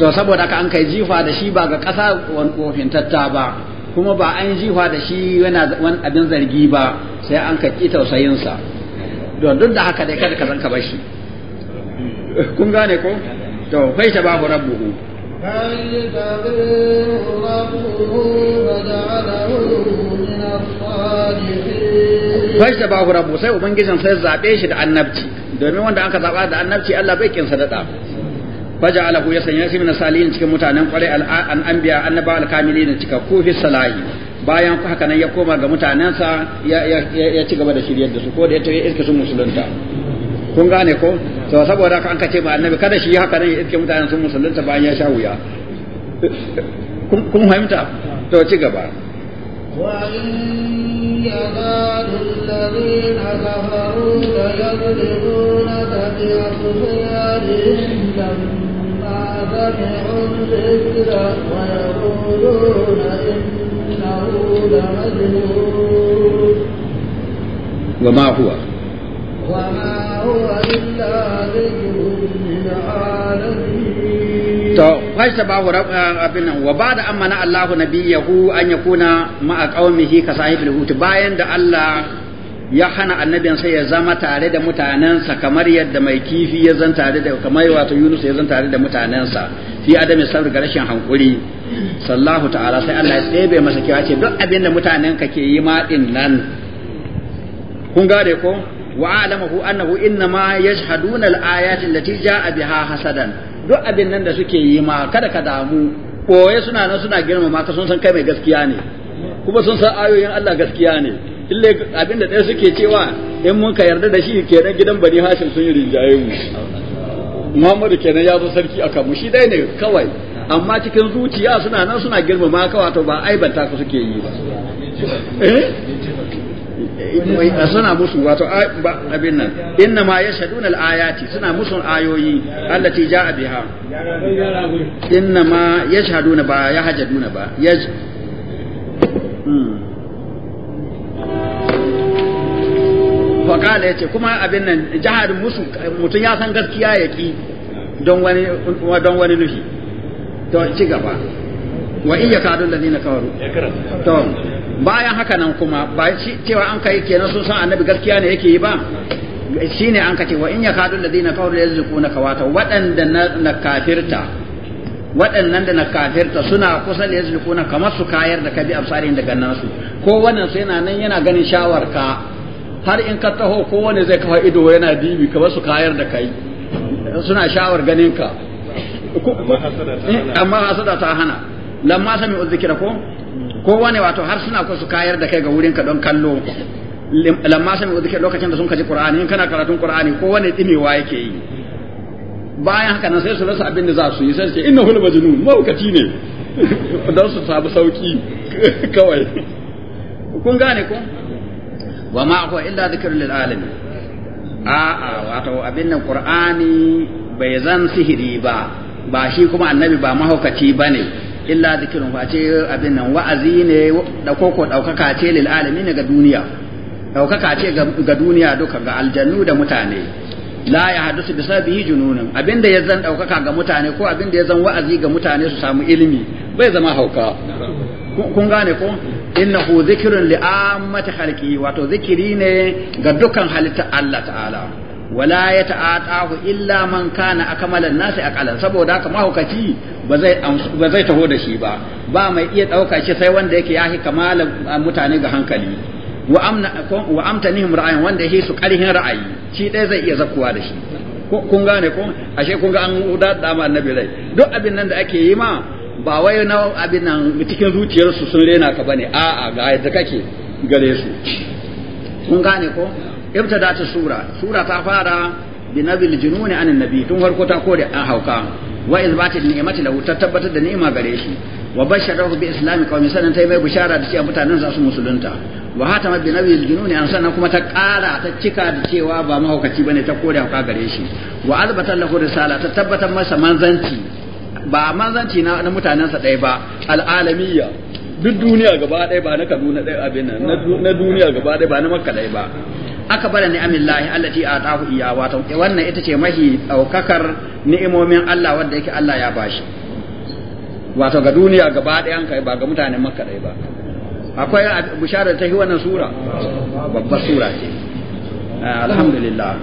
to saboda haka an kai jifa da shi ba ga ƙasa tatta ba kuma ba an jifa da shi yana wani abin zargi ba sai an ka ƙi tausayinsa don duk da haka dai kada ka zanka bashi kun gane ko to fai ta babu rabbuhu fai ta babu rabbu sai ubangijin sai zabe shi da annabci domin wanda aka zaba da annabci Allah bai kinsa da faja alahu ya sanya shi min salihin cikin mutanen kwarai an anbiya annaba alkamili na cika kufi salahi bayan haka nan ya koma ga mutanensa ya ci gaba da shiryar da su ko da ya tafi iska sun musulunta kun gane ko to saboda haka an kace ma annabi kada shi haka nan ya iske sun musulunta bayan ya sha wuya kun fahimta to ci gaba وما هو وما هو إلا abin wa ba da amana Allahu nabiyahu an yakuna a qaumihi ka sahibul hut bayan da Allah ya hana sai ya zama tare da mutanansa kamar yadda mai kifi ya zan tare da kamar wato Yunus ya zan tare da mutanansa fi adami sabr ga rashin hankuri sallahu ta'ala sai Allah ya tsebe masa kewa ce duk abin da mutanen ka ke yi ma nan kun gare ko wa'alamahu annahu inna ma yashhaduna al-ayatin lati ja'a biha hasadan duk abin nan da suke yi ma kada ka damu koye suna nan suna girma ma ka sun san kai mai gaskiya ne kuma sun san ayoyin Allah gaskiya ne ille abin da ɗaya suke cewa in mun ka yarda da shi kenan gidan bani hashim sun yi rinjaye mu Muhammadu kenan ya zo sarki a kanmu shi dai ne kawai amma cikin zuciya suna nan suna girma ma ka wato ba aibanta ka suke yi ba eh? suna musu wato abin nan inna ma yashhaduna al-ayati suna musu ayoyi allati jaa biha inna ma ya yashhaduna ba ya hajaduna ba ya yaj hmm. fakala yace kuma abin nan jihar musu mutum ya san gaskiya ya ki don wani don wani nufi to ci gaba wa iya kadun ladina kawaru to bayan haka nan kuma ba cewa an kai kenan sun san annabi gaskiya ne yake yi ba shine an kace wa in yakadu alladhina kafaru yazquna kawata wadanda na kafirta waɗannan da na kafirta suna kusa da yazquna kamar su kayar da kabi absarin daga nasu ko wannan sai yana nan yana ganin shawarka har in ka taho ko wani zai kafa ido yana dibi kamar su kayar da kai suna shawar ganin ka amma hasada ta hana lamma sami uzzikira ko ko wani wato har suna ko su kayar da kai ga wurin ka don kallo lamma sami udhikir lokacin da sun kaji qur'ani in kana karatun qur'ani ko wani dimewa yake yi bayan haka nan sai su rasa abin da za su yi sai su ce hul majnun maukaci ne [LAUGHS] don su sabu sauki [LAUGHS] kawai kun gane ko wa ma huwa illa dhikrul lil alamin a'a wato abin nan qur'ani bai zan sihiri ba ba shi kuma annabi ba mahaukaci bane illa zikirin ba ce abin nan wa'azi ne da koko daukaka ce lil alamin ga duniya daukaka ce ga duniya duka ga aljannu da mutane la ya hadisu bi sabihi jununun da ya zan daukaka ga mutane ko abin da ya zan wa'azi ga mutane su samu ilimi bai zama hauka kun gane ko innahu zikrun li ammati khalqi wato zikiri ne ga dukan halitta Allah ta'ala wala ya ta'atahu illa man kana akmalan nasi aqalan saboda haka mahaukaci ba zai ba zai taho da shi ba ba mai iya dauka shi sai wanda yake yahi kamalan mutane ga hankali wa amna wa amtanihim ra'ayin wanda yake su karhin ra'ayi shi dai zai iya zakuwa da shi kun gane ko ashe kun ga an da ma annabi rai duk abin nan da ake yi ma ba wai na abin nan cikin zuciyarsu sun rena ka bane a'a ga yadda kake gare su kun gane ko ibtada ta sura sura ta fara bi nazil jununi an annabi tun farko ta kore an hauka wa izbati ni'mati lahu ta tabbatar da ni'ima gare shi wa basharahu bi islami qaumi sanan ta mai bishara da cewa mutanen su musulunta wa hatama bi nazil jununi an sanan kuma ta kara ta cika da cewa ba mahaukaci bane ta kore hauka gare shi wa azbata lahu risala ta tabbatar masa manzanci ba manzanci na ba al'alamiyya duk duniya gaba ɗaya ba na kaduna ɗaya abin nan na duniya gaba ɗaya ba na makka ɗaya ba akbar ni'amillahi allati atahu iya wato wannan ita ce mahi daukakar ni'imomin Allah wanda yake Allah ya bashi wato ga duniya gaba ɗayan kai ba ga mutanen makka dai ba akwai bishara ta yi wannan sura babbar sura ce ah, alhamdulillah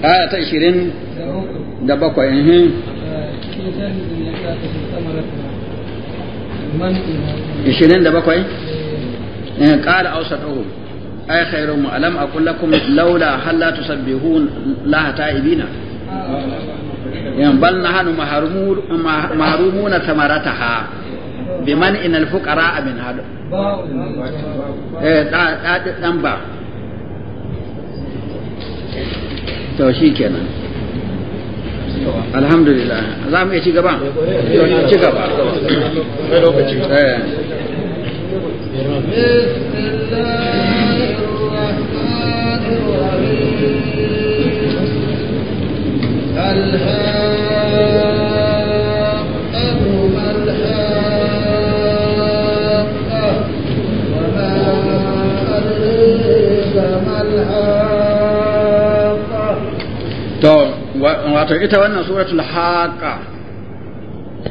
ayata 20 da bakwai eh ishirin eh. da bakwai eh, ƙara ausa ɗauhu Ai ay khairum alam aqul lakum laula hal la tusabbihun la ta'ibina yan bal nahnu mahrumuna thamarataha biman inal fuqara min hadu eh da dan ba to shikenan alhamdulillah za mu iya ci gaba ci gaba eh wato ita wannan suratul haqa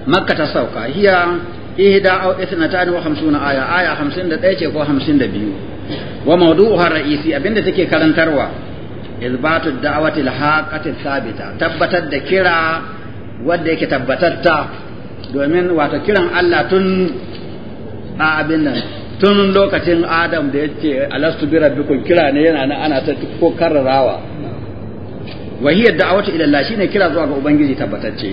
makka ta sauka hiya ihda aw ithnatani wa khamsuna aya aya 51 ce ko 52 wa mawdu'uha ra'isi abinda take karantarwa izbatu da'awati al-haqati thabita tabbatar da kira wanda yake tabbatatta domin wato kiran Allah tun a abin nan tun lokacin Adam da yace alastu bi rabbikum kira ne yana nan ana ta ko karrarawa wa hiya da'awatu ila Allah shine kira zuwa ga ubangiji tabbatacce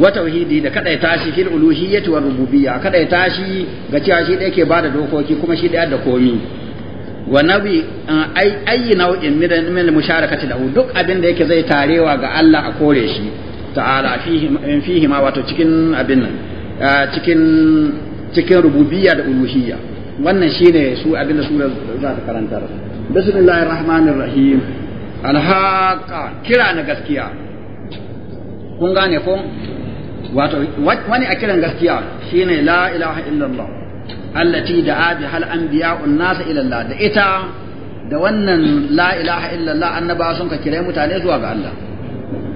wa tauhidi da kada tashi fil uluhiyyati war rububiyya kada tashi ga cewa shi da yake bada dokoki kuma shi da yadda komi wa nabi uh, ayi nau'in min musharakati da duk abin da yake zai tarewa ga Allah a kore shi ta'ala fihi ma wato cikin abin nan uh, cikin cikin rububiyya da uluhiyya wannan shine su abin da sura za ta karantar bismillahir rahmanir rahim alhaqa kira na gaskiya kun gane ko wato wani a kiran gaskiya shine la ilaha illallah allati da bi hal anbiya'un nasa ila Allah da ita da wannan la ilaha illallah annaba sun ka kire mutane zuwa ga Allah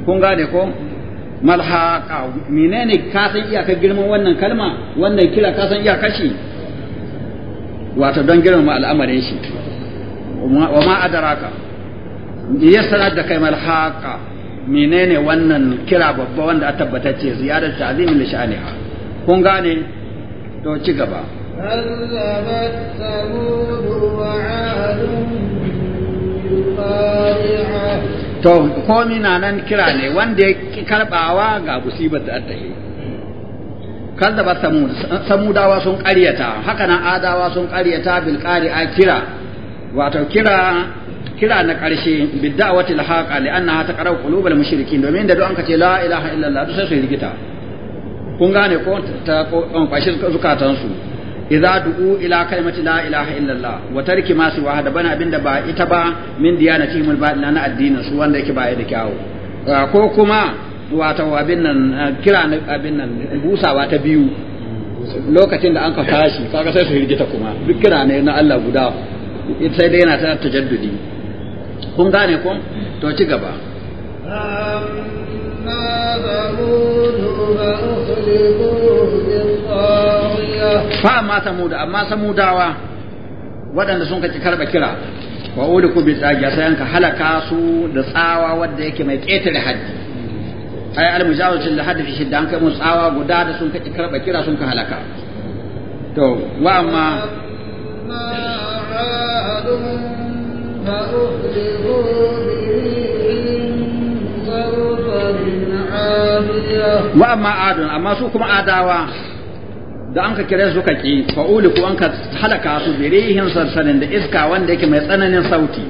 kun gane ko malhaqa menene ka san iyakar girman wannan kalma wannan kira ka san iyakar shi wato don girmama al'amarin shi wa ma adaraka ya sanar da kai malhaqa menene wannan kira babba wanda a tabbatacce ziyarar ta'zim li sha'aniha kun gane to ci gaba كذبت ثمود وعاد بالقارعة to komi na nan kira ne wanda ya karbawa ga musibar da ta yi kazzaba samud samudawa sun karyata haka nan adawa sun karyata bil qari'a kira wato kira kira na karshe bid da'watil haqa li annaha taqra'u qulubal mushrikin domin da duk an kace la ilaha illallah sai su rigita kun gane ko ta kwashi zukatansu idza du'u ila kalimati la ilaha illallah wa tarki ma siwa da bana abinda ba ita ba min diyana al-batina na addinin su wanda yake ba ya da kyawu ko kuma wato abin nan kira abin nan busawa ta biyu lokacin da an ka tashi kaga sai su hirgita kuma duk kira ne na Allah guda sai dai yana ta tajaddudi kun gane ko to ci gaba amma fa amma samuda amma samudawa waɗanda sun kaci karɓa kira wa ku bi tsagiya sai an ka halaka su da tsawa wadda yake mai ƙetare haddi ai al da haddi fi shidda an kai mu tsawa guda da sun kaci karɓa kira sun ka halaka to wa amma wa amma adun amma su kuma adawa da an ka kira suka ki fa'uli ko an ka halaka su birihin sarsanin da iska wanda yake mai tsananin sauti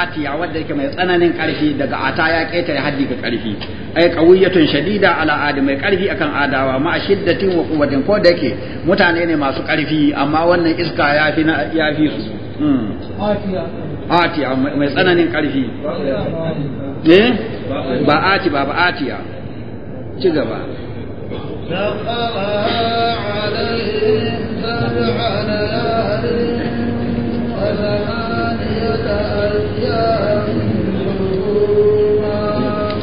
atiya wanda yake mai tsananin karfi daga ata ya ya haddi ga karfi ai qawiyatun shadida ala adi mai karfi akan adawa ma shiddatin wa quwwatin ko da yake mutane ne masu karfi amma wannan iska ya fi ya fi su hmm. atiya mai tsananin karfi eh ba ati ba ba atiya ci gaba سقرها عليهم سبع ليال وثمانية أيام حسوما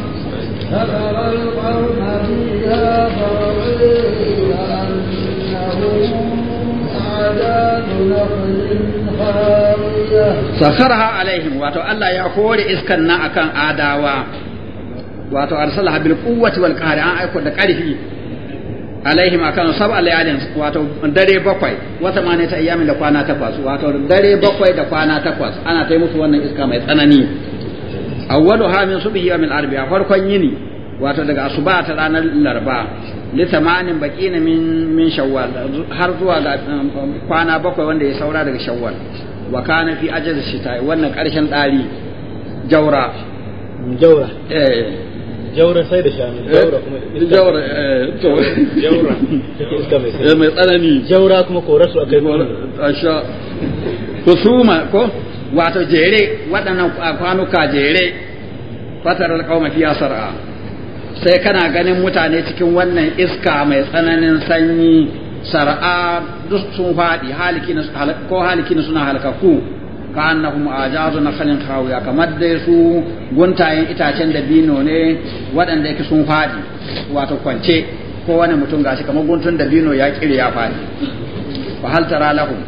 فترى القوم فيها فرعين أنهم عذاب نخل سخرها عليهم واتو الله يقول إسكننا أكان آداوا wato arsalaha bil quwwati wal qahri an aiko da karfi alaihim akan sab'a alayalin wato dare bakwai wata ne ta ayyamin da kwana takwas wato dare bakwai da kwana takwas ana ta musu wannan iska mai tsanani awwalu ha min subhi arbi a farkon yini wato daga asuba ta ranar larba li tamanin baqina min min shawwal har zuwa ga um, kwana bakwai wanda ya saura daga shawwal wa kana fi ajaz shita wannan karshen dari jaura jaura eh jaura sai da shanu eh, jaura kuma jaura eh, to jaura jere waɗannan kwanuka sai kana ganin mutane cikin wannan iska mai tsananin sanyi sar'a duk sun faɗi ko halikin suna halkaku ka'annahum ajazu nakhlin khawiya kamar da su guntayen itacen da bino ne waɗanda yake sun fadi wato kwance ko wani mutum ga shi kamar guntun da bino ya kire ya fadi fa hal tara lahum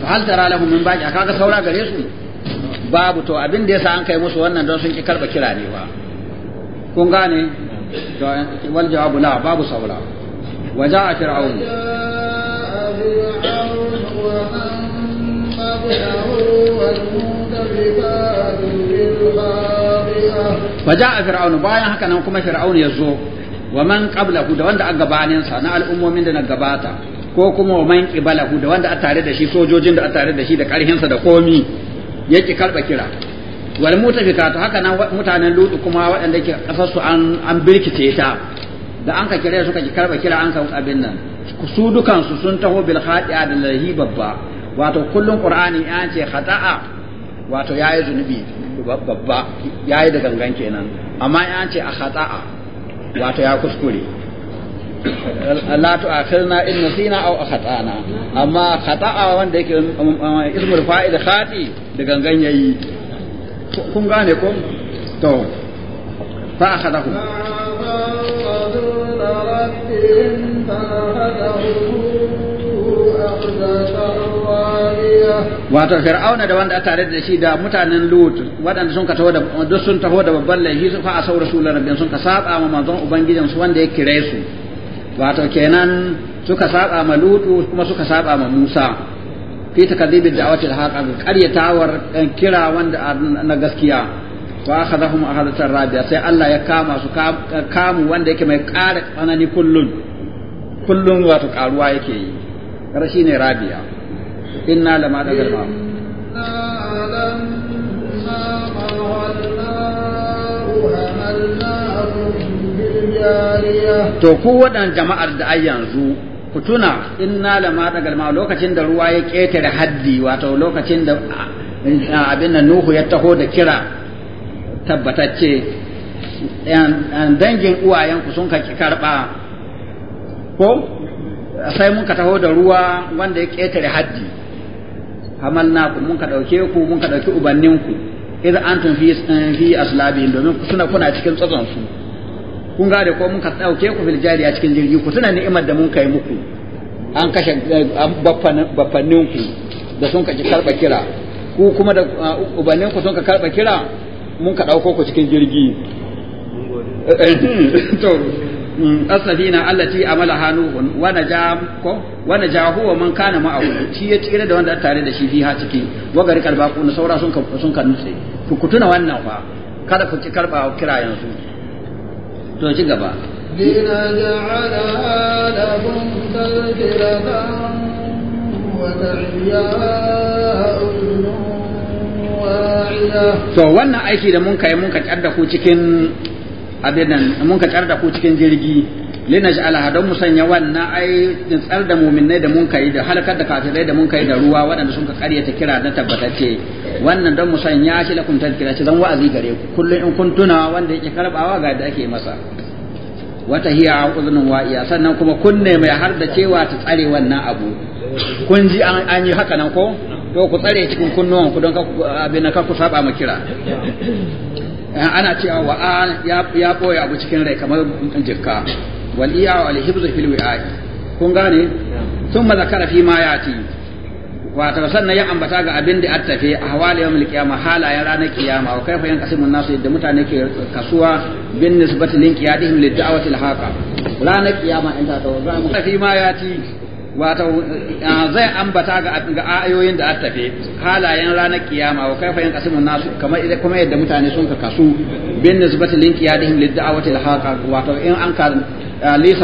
fa hal tara lahum min baki ga saura gare su babu to abin da yasa an kai musu wannan don sun ki karba kira ne ba kun gane wal jawabu la babu saura وجاء فرعون وجاء فرعون bayan haka nan kuma fir'aun ya zo wa man qablahu da wanda aka gabanin sa na al'ummomin da na gabata ko kuma wa man qibalahu da wanda a tare da shi sojojin da a tare da shi da karhin sa da komi yake karba kira wal mutafikatu haka nan mutanen lutu kuma waɗanda ke kasar su an an birkice ta da an ka kire suka karba kira an ka abin nan su dukansu sun taho bil khati'a da lahi babba wato kullun qur'ani ya ce khata'a wato yayi zunubi babba yayi da gangan kenan amma ya ce a khata'a wato ya kuskure to akhirna in nasina aw akhata'na amma khata'a wanda yake ismul fa'il khati da gangan yayi kun gane ko to fa akhadahu wato fir'auna da wanda a tare da shi da mutanen lut waɗanda sun ka taho da duk sun taho da babban laifi su fa asau rasulullahi rabbin sun ka saba ma manzon ubangijin su wanda ya kire su wato kenan suka saba ma lut kuma suka saba ma musa fi takadibi da'awati al-haqq qaryatawar kira wanda na gaskiya wa akhadhahum akhadatan rabi'a sai Allah ya kama su kamu wanda yake mai ƙara tsanani kullun kullun wato karuwa yake yi rashi ne rabi'a inna lama da garba to ku wadan jama'ar da ai yanzu ku tuna inna lama da ma lokacin da ruwa ya ƙetare haddi wato lokacin da abin nan Nuhu ya taho da kira tabbatacce dangin uwayenku sun ka karɓa ko sai mun ka taho da ruwa wanda ya ƙetare haddi hamalna ku mun ka ɗauke ku mun ka ɗauki ubanninku idan an tun fi eh, aslabi domin suna kuna cikin tsazonsu su kun gane ko mun ka ɗauke ku fil a cikin jirgi ku suna ni'imar da mun kai muku an kashe eh, baffanninku da sun ka karɓa kira ku kuma da eh, ubanninku sun ka karɓa kira mun ka ɗauko ku cikin jirgi [LAUGHS] to mm, asafina allati amala hannu wa naja ko wa naja huwa man kana abu shi ya tsira da wanda tare da shi fi ha ciki wa gari karba ku saura sun ka sun ka nutse ku tuna wannan fa kada ku ci karba kira yanzu to ci gaba لنجعلها لهم تذكرة وتعيها أذن to wannan aiki da mun kai mun ka tsar da ku cikin abin mun ka tsar da ku cikin jirgi ji ala don musanya wannan ai tsar da muminai da mun kai da halakar da kafirai da mun kai da ruwa waɗanda sun ka karyata kira na tabbatacce wannan don musanya shi kun tadkira ce zan wa'azi gare ku kullum in kun tuna wanda yake karbawa ga da ake masa wata hiya uzunin wa'iya sannan kuma kunne mai har da cewa ta tsare wannan abu kun ji an yi haka nan ko to ku tsare cikin kunnuwan ku don abin ka ku saba mu kira eh, ana cewa wa ya ya boye abu cikin rai kamar jikka wal iya wal hibzu fil wi'ai kun gane thumma zakara fi ma yati wato sannan ya ambata ga abin da attafe a hawali yawmul qiyama halayen ranar kiyama wa kaifa yanqasimun nasu da mutane ke kasuwa bin nisbati lin qiyadihim lid da'wati al haqa ranar kiyama inda ta zo za mu fi ma yati wato zai ambata ga ga ayoyin da aka tafe halayen ranar kiyama wa kai fayin qasimun nasu kamar idan kuma yadda mutane sun ka kasu bin nisbati lin qiyadihim lid da'awati al haqa wato in an ka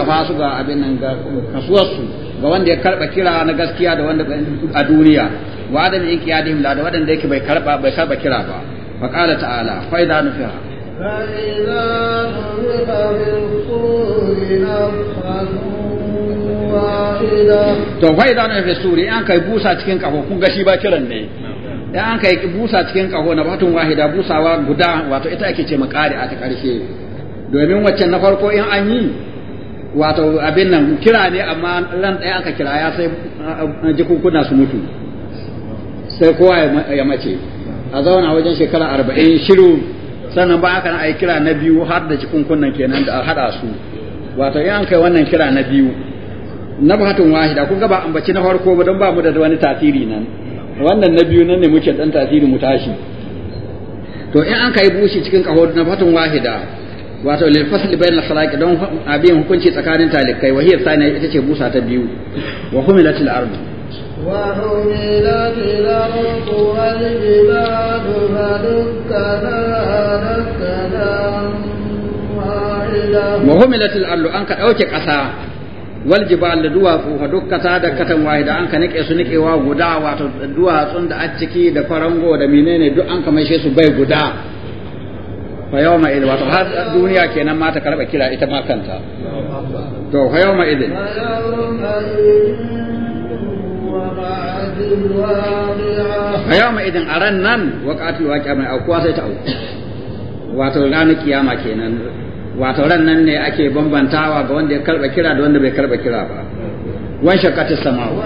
fa su ga abin nan ga kasuwar su ga wanda ya karba kira na gaskiya da wanda a duniya wa adam in qiyadihim la da wanda yake bai karba bai karba kira ba fa qala ta'ala fa idza nufiha fa idza nufiha bil qur'an to fa idan na fi suri an kai busa cikin kaho kun ga shi ba kiran ne dan an kai busa cikin kaho na batun wahida busawa guda wato ita ake ce makari a ta karshe domin waccan na farko in an yi wato abin nan kira ne amma ran ɗaya aka kira ya sai jikunkuna su mutu sai kowa ya mace a zauna wajen shekara arba'in shiru sannan ba aka ai kira na biyu har da jikunkunan kenan da haɗa su wato in an kai wannan kira na biyu nabhatun wahida kun ga ba ambaci na farko ba don ba mu da wani tasiri nan wannan na biyu nan ne muke dan tasiri mu tashi to in an kai bushi cikin kaho nabhatun wahida wato lil fasl bayna khalaqi don abin hukunci tsakanin talikai wahiyar sani ita ce busa ta biyu wa humilatil ardu wa humilatil ardu wa humilatil ardu an ka dauke kasa waljibal da duwatsu fa duk kasa da katan wahida an ka nike su nikewa guda wato duwatsun da a ciki da farango da menene duk an ka maishe su bai guda fa yawma idin wato har duniya kenan ma ta karba kira ita ma kanta to fa yawma idin fa yawma idin aran nan waqatul waqi'a mai aukuwa sai ta auku wato ranar kiyama kenan wato ran nan ne ake bambantawa ga wanda ya karba kira da wanda bai karba kira ba wan shaqati sama'u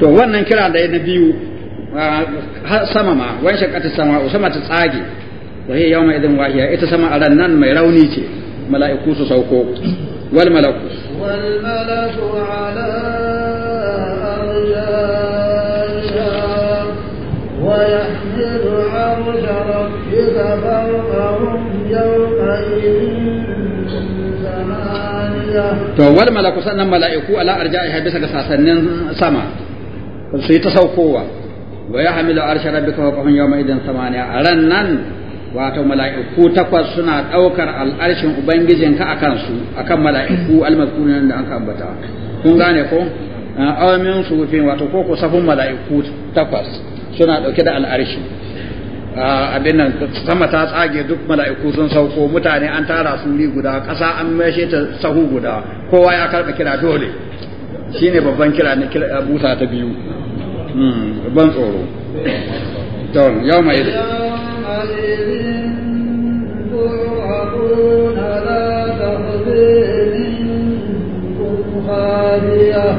to wannan kira da na biyu sama ma wan sama sama'u sama ta tsage wa hiya yawma idin wahiya ita sama a ran nan mai rauni ce mala'iku su sauko wal malaku wal malaku ala to wal malaku sannan mala'iku ala arja'iha bisa ga sasannin sama su yi ta saukowa wa ya hamilu arshe rabbika wa qahun yawma idan samaniya a ran nan wato mala'iku takwas suna daukar al'arshin ubangijinka akan su akan mala'iku almazkurin da an ambata kun gane ko awamin sufin wato ko ko safin mala'iku takwas suna dauke da al'arshi abin nan sama ta tsage duk mala'iku sun sauko mutane an tara sun bi guda ƙasa an mashe ta sahu guda kowa ya karɓa kira dole shine babban kira ne kira busa ta biyu hmm, ban tsoro don yau mai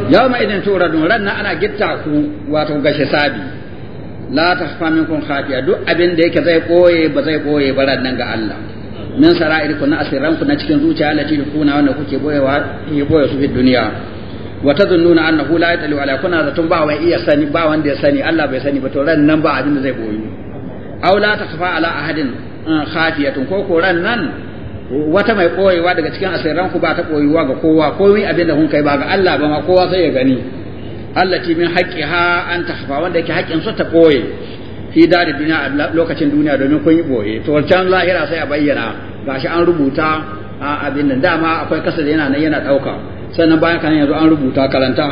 yau mai idan turadun ran ana gitta ku wato gashe sabi la tahfa kun khafiya duk abin da yake zai koye ba zai koye ba nan ga Allah min sara'irikum na asirranku na cikin zuciya lati kuna wanda kuke boyewa ke boye su fi duniya wa tazunnuna annahu la yatalu ala kuna tun ba wai iya sani ba wanda ya sani Allah bai sani ba to ran nan ba abin da zai boyu aw la tahfa ala ahadin uh, khafiyatun ko ko ran nan wata mai koyewa daga cikin ku ba ta koyewa ga kowa komai abin da kun kai ba ga Allah ba ma kowa sai ya gani allati min haqqiha an tahfa wanda yake haƙƙin su ta boye fi dari duniya a lokacin duniya domin kun yi boye to wancan lahira sai a bayyana gashi an rubuta a abin nan dama akwai kasa da yana nan yana ɗauka sannan bayan kan yanzu an rubuta karanta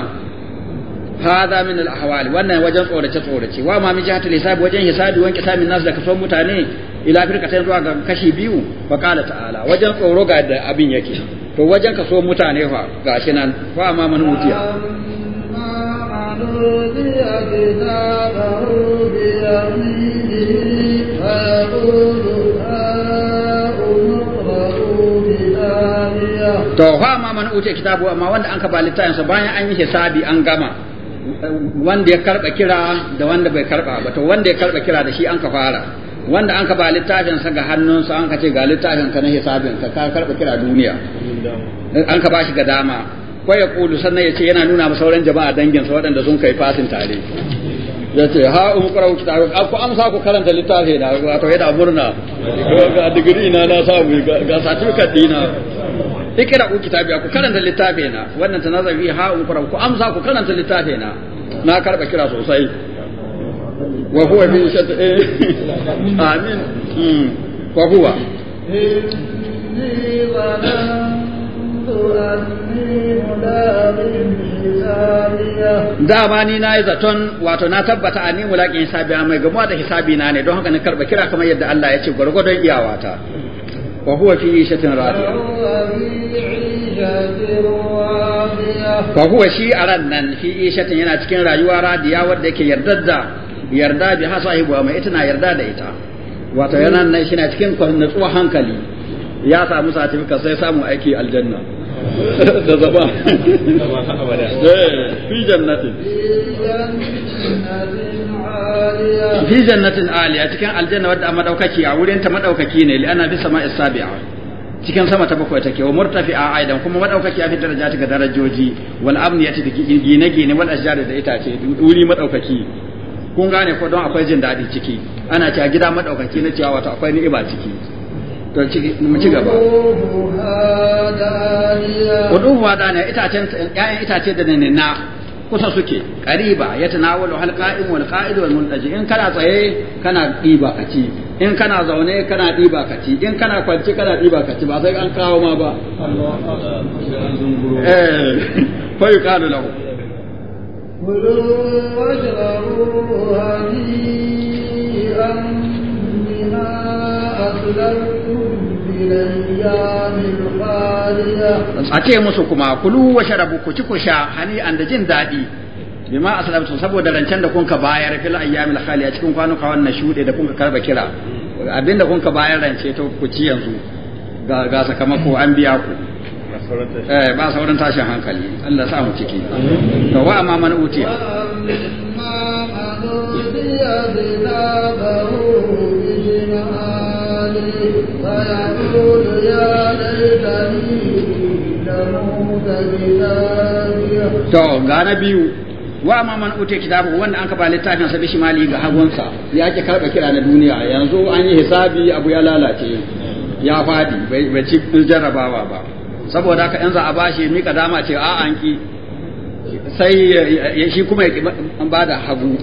min al ahwal wannan wajen tsorace tsorace wa ma mijatul lisabi wajen hisabi wanke samin nasu da kaso mutane ila sai zuwa ga kashi biyu fa qala ta'ala wajen tsoro ga da abin yake to wajen kaso mutane fa gashi nan fa ma man mutiya to fa ma man uce kitabu amma wanda an ba littafinsa bayan an yi hisabi an gama wanda ya karba kira da wanda bai karba ba to wanda ya karba kira da shi an ka fara wanda an ka ba sa ga hannunsa an ka ce ga littafin ka na hisabin ka ka karba kira duniya an ka ba shi ga dama ko ya kulu sannan ya ce yana nuna ma sauran jama'a danginsa waɗanda sun kai fasin tare ya ce ha um qara'u kitabu ku amsa ku karanta littafi na wato yana murna ga digiri na na samu ga certificate dina ikira ku kitabi ku karanta littafi na wannan nazari ha um qara'u ku amsa ku karanta littafi na na karba kira sosai wa huwa fi shat eh, [LAUGHS] amin hmm. wa huwa dama ni na yi zaton wato na tabbata a ni laƙin hisabi a mai gamuwa da hisabi na ne don haka na karɓa kira kamar yadda Allah ya ce gwargwadon iyawata wa huwa fi ishatin radiya wa huwa shi a ran nan fi ishatin yana cikin rayuwa radiya wadda yake da yarda bi hasa ibu mai ita na yarda da ita wato yana nan shi na cikin natsuwa hankali ya samu satifika sai samu aiki aljanna da zaba [LAUGHS] fi jannatin fi jannatin aliya cikin aljanna wadda daukaki a wurin ta madaukaki ne li ana fi sama isabi'a cikin sama ta bakwai take wa a aidan kuma madaukaki a fi daraja ta darajoji wal amniyati da gine gine wal ashjar da itace wuri madaukaki kun gane ko don akwai jin dadi ciki ana cewa gida madaukaki na cewa wato akwai ni'ima ciki to mu ci gaba uduwa dana itacen ƴaƴan itace da ne na kusa suke qariba yatanawalu halqa'im wal qa'id wal muntaji in kana tsaye kana diba kaci in kana zaune kana diba kaci in kana kwance kana diba kaci ba sai an kawo ma ba eh, eh. [LAUGHS] fa yuqalu lahu kulu washrabu hani'an bima aslamtu a ce musu kuma kulu wa sharabu ku ci ku sha hani an da jin daɗi bima aslabtu saboda rancen da kunka bayar fil ayyamil khaliya cikin kwanuka wannan shuɗe da kunka karba kira abinda kunka bayar rance to ku ci yanzu ga ga sakamako an biya ku eh ba sauran tashin hankali Allah sa mu ciki to wa amma man utiya To, يا ليتني wa ma man ute kitabu wanda an kafa littafin sabi shi mali ga hagunsa ya ki karba kira na duniya yanzu an yi hisabi abu ya lalace ya fadi bai ci jarrabawa ba saboda haka yanzu a bashi ka dama ce a an ki sai shi kuma ya ba da hagu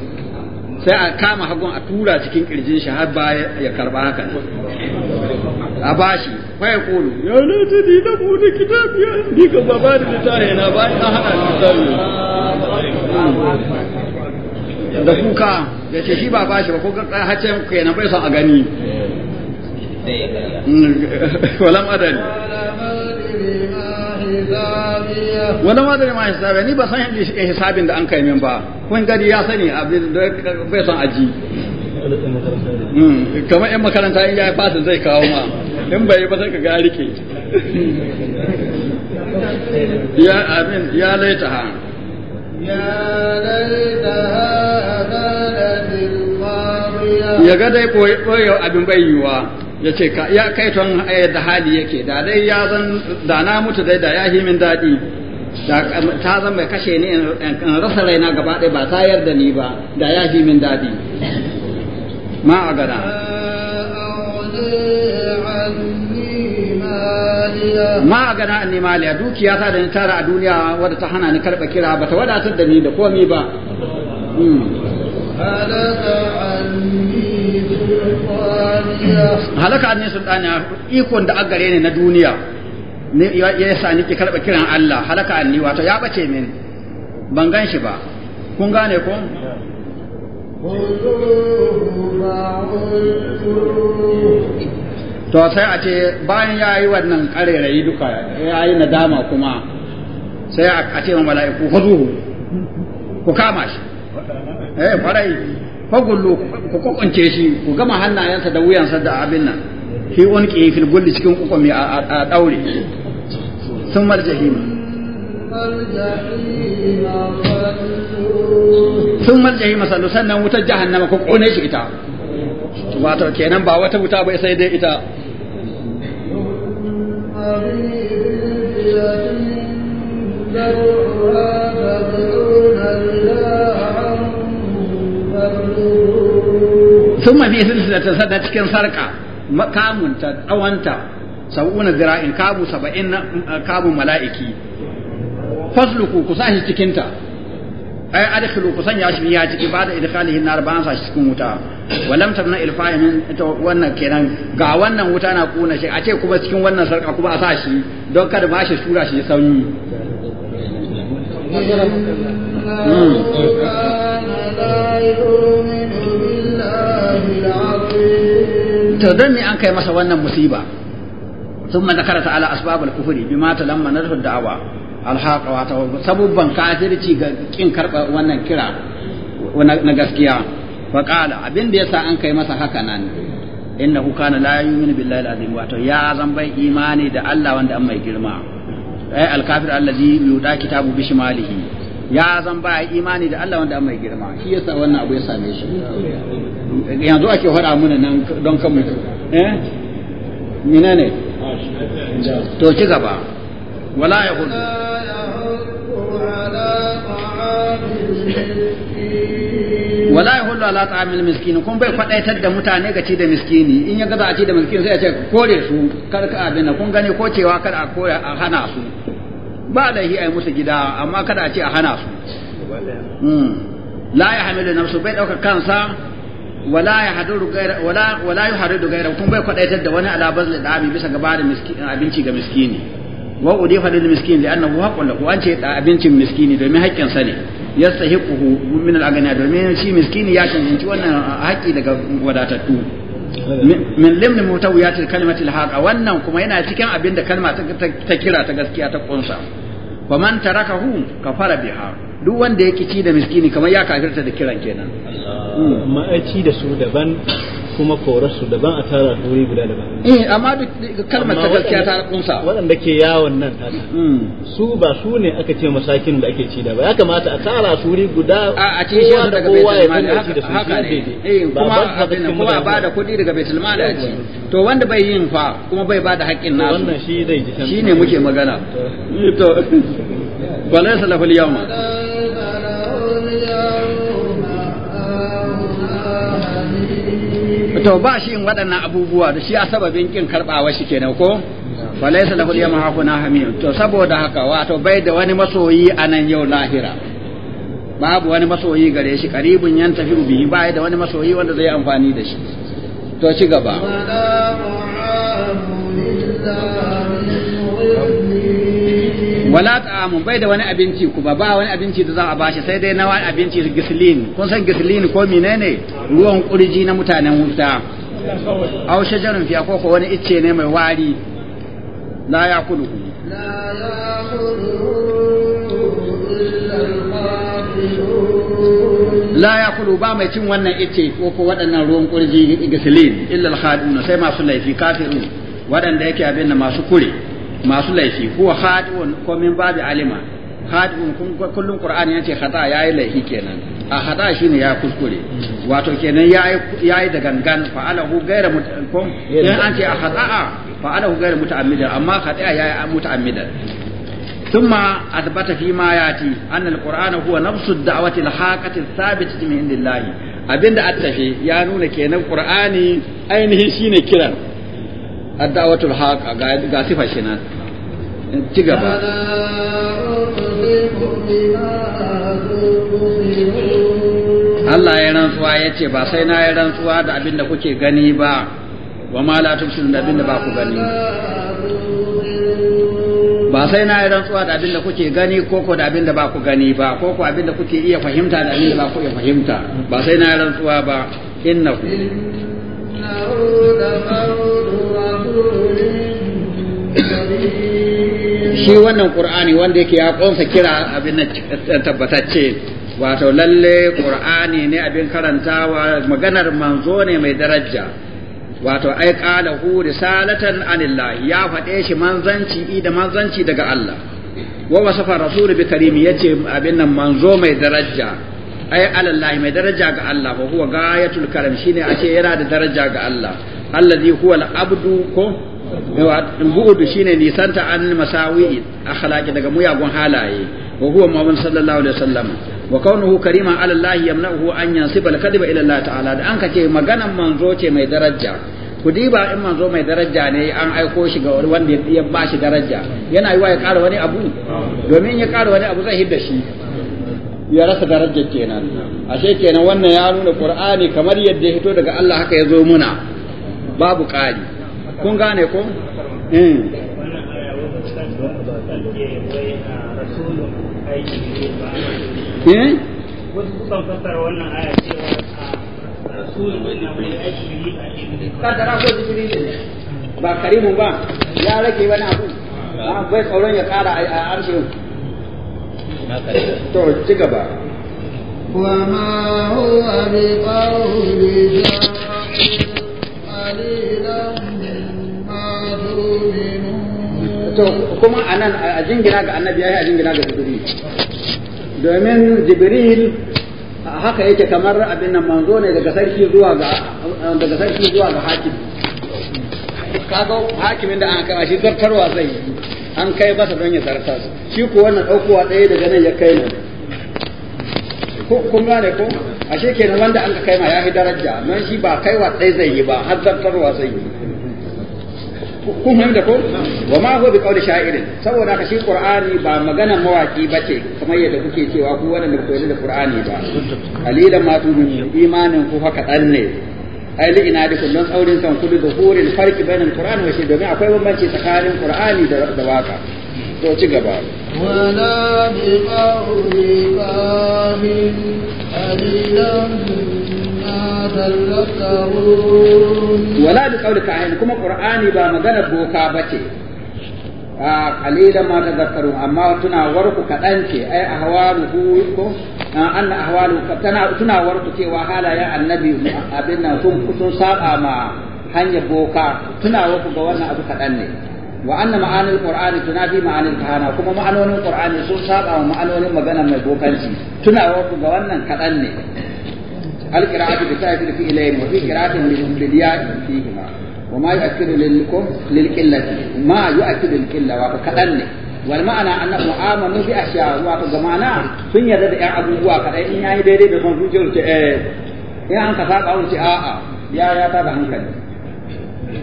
sai a kama hagun a tura cikin kirjin shi har baya ya karba haka a bashi fa ya kulu ya lati ni na bude kitabi ya ni ka baba da littafi na ba ta hana littafi hmm. da kuka ya ce shi ba bashi ba ko ga ku kenan bai son a gani hmm. [LAUGHS] walam adali wani ma da ma hisabi ni ba san hisabin da an kai min ba kun gadi ya sani abin da bai son aji Hmm, kamar yan makaranta in ya fasa zai kawo ma in bai ba sai ka ga rike ya amin ya laita ha ya ga dai koyo abin bai yiwa ya ce ya kai ton da hali yake da dai ya zan da na mutu dai da ya yi min daɗi ta zan mai kashe ni in rasa raina gaba ɗaya ba ta yarda ni ba da ya yi min daɗi ما أغنى ma a gana an da ni tara a duniya wadda ni karɓa kira ba ta wadatar da ni da komi ba halaka annin sultaniya ikon da agare ne na duniya ya sa nake karɓa kiran Allah halaka anni wato ya bace min ban gan shi ba kun gane ko to sai a ce bayan ya yi wannan ƙarerayi duka ya yi nadama kuma sai a ce ma mala'iku huzuhu ku kama shi eh farai fagullu ku kokunce shi ku gama hannayensa da wuyansa da abin nan shi wani ke fil gulli cikin kukumi a daure sun marjahima sun yi masallu sannan wutar jahannama ko kone shi ita wato kenan ba wata wuta bai sai dai ita sun mafi silsilata sada cikin sarka makamunta tsawonta sau'una zira'in kabu saba'in kabu mala'iki fasluku ku sa shi cikin ta ay adkhulu ku sanya shi ya ciki ba da idkhalihi nar ba sa shi cikin wuta walam tabna ilfahin ita wannan kenan ga wannan wuta na kuna shi a ce kuma cikin wannan sarka kuma a sa shi don kada ba shi shura shi sanyi to don me an kai masa wannan musiba ثم ذكر تعالى أسباب الكفر بما تلمنته الدعوة alhaka wata sabubban kafirci ga kin karba wannan kira na gaskiya fa kala abin da yasa an kai masa haka nan innahu kana la yu'minu billahi alazim wato ya zan bai imani da Allah wanda an mai girma ai alkafir allazi yuda kitabu bi shimalihi ya zan ba imani da Allah wanda an mai girma shi yasa wannan abu ya same shi yanzu ake faɗa mana nan don kan mutu eh menene to ci gaba ولا يغل wala ya hullu ala ta'amil miskini kun bai kwadaitar da mutane ga ci da miskini in ya gaza a ci da miskini sai ya ce kore su kar ka abin kun gani ko cewa kar a kore a hana su ba da hi ai musu gida amma kada a ce a hana su hmm. la ya hamilu nafsu bai dauka kansa wala ya haduru gaira wala wala ya gaira kun bai kwadaitar da wani ala bazli da abi bisa gabarin miskini abinci ga miskini wa udifa lil miskin annahu haqqun lahu an ce da abincin miskini domin haƙƙin sa ne yastahiquhu min al aghniya domin shi miskini ya cancanci wannan haƙƙi daga wadatattu min limni kalimat al haqa wannan kuma yana cikin abin da kalma ta kira ta gaskiya ta kunsa fa man tarakahu kafara biha duk wanda yake ci da miskini kamar ya kafirta da kiran kenan amma ai ci da su daban kuma korarsu daban a tara su wuri guda daban eh amma duk kalmar ta gaskiya ta kunsa waɗanda ke yawon nan ta hmm. su ba su ne aka ce masakin da ake ci da ba ya kamata a tara su wuri guda a ce shi daga baitul mali haka ne eh kuma kuma ba da kuɗi daga baitul mali a ci to wanda bai yin fa kuma bai ba da haƙƙin nasu wannan shi zai ji ne muke magana to [LAUGHS] walaysa lahul yawma to ba shi in waɗannan abubuwa da shi a sababin kin karɓawa shi kenan ko falaisa lahu yawma hakuna hamiyu to saboda haka wato bai da wani masoyi a nan yau lahira babu wani masoyi gare shi karibun yan tafi ubi bai da wani masoyi wanda zai amfani da shi to ci gaba wala ta'amun bai da wani abinci ku ba ba wani abinci da za a bashi sai dai na wani abinci gislin kun san gislin ko menene ruwan kurji na mutanen wuta aw shajarun fiya ko wani icce ne mai wari la yakulu la yakulu la yakulu ba mai cin wannan icce ko ko waɗannan ruwan kurji gislin illa al-khadun sai masu laifi kafirun waɗanda yake abin da masu kure masu laifi huwa khati'un ko min babi alima khati'un kullun qur'ani yace khata yayi laifi kenan a khata shine ya kuskure wato kenan yayi yayi da gangan fa'alahu ghayra mutaqam in an ce a khata'a fa'alahu ghayra muta'ammidan amma khata'a yayi muta'ammidan ثم أثبت فيما يأتي أن القرآن هو نفس الدعوة الحاقة الثابتة من عند الله أبين أتفي يا نون القرآن أين هي شين كيران addawatul haqa ga sifa shi na ci gaba Allah ya rantsuwa ya ce ba sai na ya rantsuwa da abin da kuke gani ba wa ma la tubsirun da abin da ba ku gani ba sai na yi rantsuwa da abin da kuke gani ko ko da abin da ba ku gani ba ko ko abin da kuke iya fahimta da abin da ba ku iya fahimta ba sai na yi rantsuwa ba innahu shi wannan qur'ani wanda yake ya kunsa kira abin nan tabbatacce wato lalle qur'ani ne abin karantawa maganar manzo ne mai daraja wato ai qala hu risalatan anillah ya faɗe shi manzanci da manzanci daga Allah wa wasafa rasul bi karimi yace abin nan manzo mai daraja ai alallahi mai daraja ga Allah ko huwa gayatul karam shine ake yana da daraja ga Allah allazi huwa al-abdu ko bu'udu shine nisanta an masawi akhlaqi daga muyagun halaye wa huwa muhammad sallallahu alaihi wasallam wa kaunuhu kariman ala allah yamna'uhu an yansiba al-kadhiba ila allah ta'ala da an kace maganan manzo ce mai daraja ku diba in manzo mai daraja ne an aiko shi ga wanda ya ba shi daraja yana yiwa ya ƙara wani abu domin ya ƙara wani abu zai hidda shi ya rasa darajar kenan ashe kenan wannan ya nuna qur'ani kamar yadda ya fito daga Allah haka ya zo muna babu ƙari kun gane ko eh. Eh? ba karimu ba ya rage wani abu bai tsoron ya kara a arshin to ci gaba وما هو بقول جاهل to kuma a nan a jingina ga annabi ya yi a jingina ga jibril domin jibril haka yake kamar abin nan manzo ne daga sarki zuwa ga daga sarki zuwa ga hakim kaga hakimin da an kama shi zartarwa zai yi an kai masa don ya zartar shi ko wannan daukowa ɗaya daga nan ya kai ne ko kun gane ko ashe kenan wanda an ka kai ma ya fi daraja don shi ba kaiwa ɗaya zai yi ba har zartarwa zai yi kun fahimta ko wa ma huwa biqauli sha'irin saboda ka shi qur'ani ba magana mawaki bace kamar yadda kuke cewa ku wanda ku yarda da qur'ani ba alilan ma tu'minu imanin ku haka dan ne ai li ina da kullun saurin san kullu dhuhurin farqi bainal qur'ani wa shi domin akwai bambanci tsakanin qur'ani da da waka to ci gaba wala biqauli qahin alilan kwantan wata wuro. wala bi kuma qur'ani ba magana boka ba ce. aa ma ta dafadu amma tuna warku ka dantse aya a hawaru hu ko a ana a hawaru tunawar ku ce wa halaye a nabi a binankun tun saba ma hanyar boka. tuna warku ga wannan a duka ne wa ana ma'anar qur'ani tunafi ma'anar tahana kuma ma'anonin qur'ani sun saba ma'anonin magana mai bokanci. tuna warku ga wannan ka ne. القراءة بتأثير في إليهم وفي قراءة بالياء فيهما وما يؤكد للقلة ما يؤكد القلة وكأن والمعنى أنه آمنوا بأشياء وكزمانا سن يدد إن أبوه كأي إن يعني ديدي بكون سوچه إيه إن أنك سابع ونشي آآ يا يا تابع هنكلي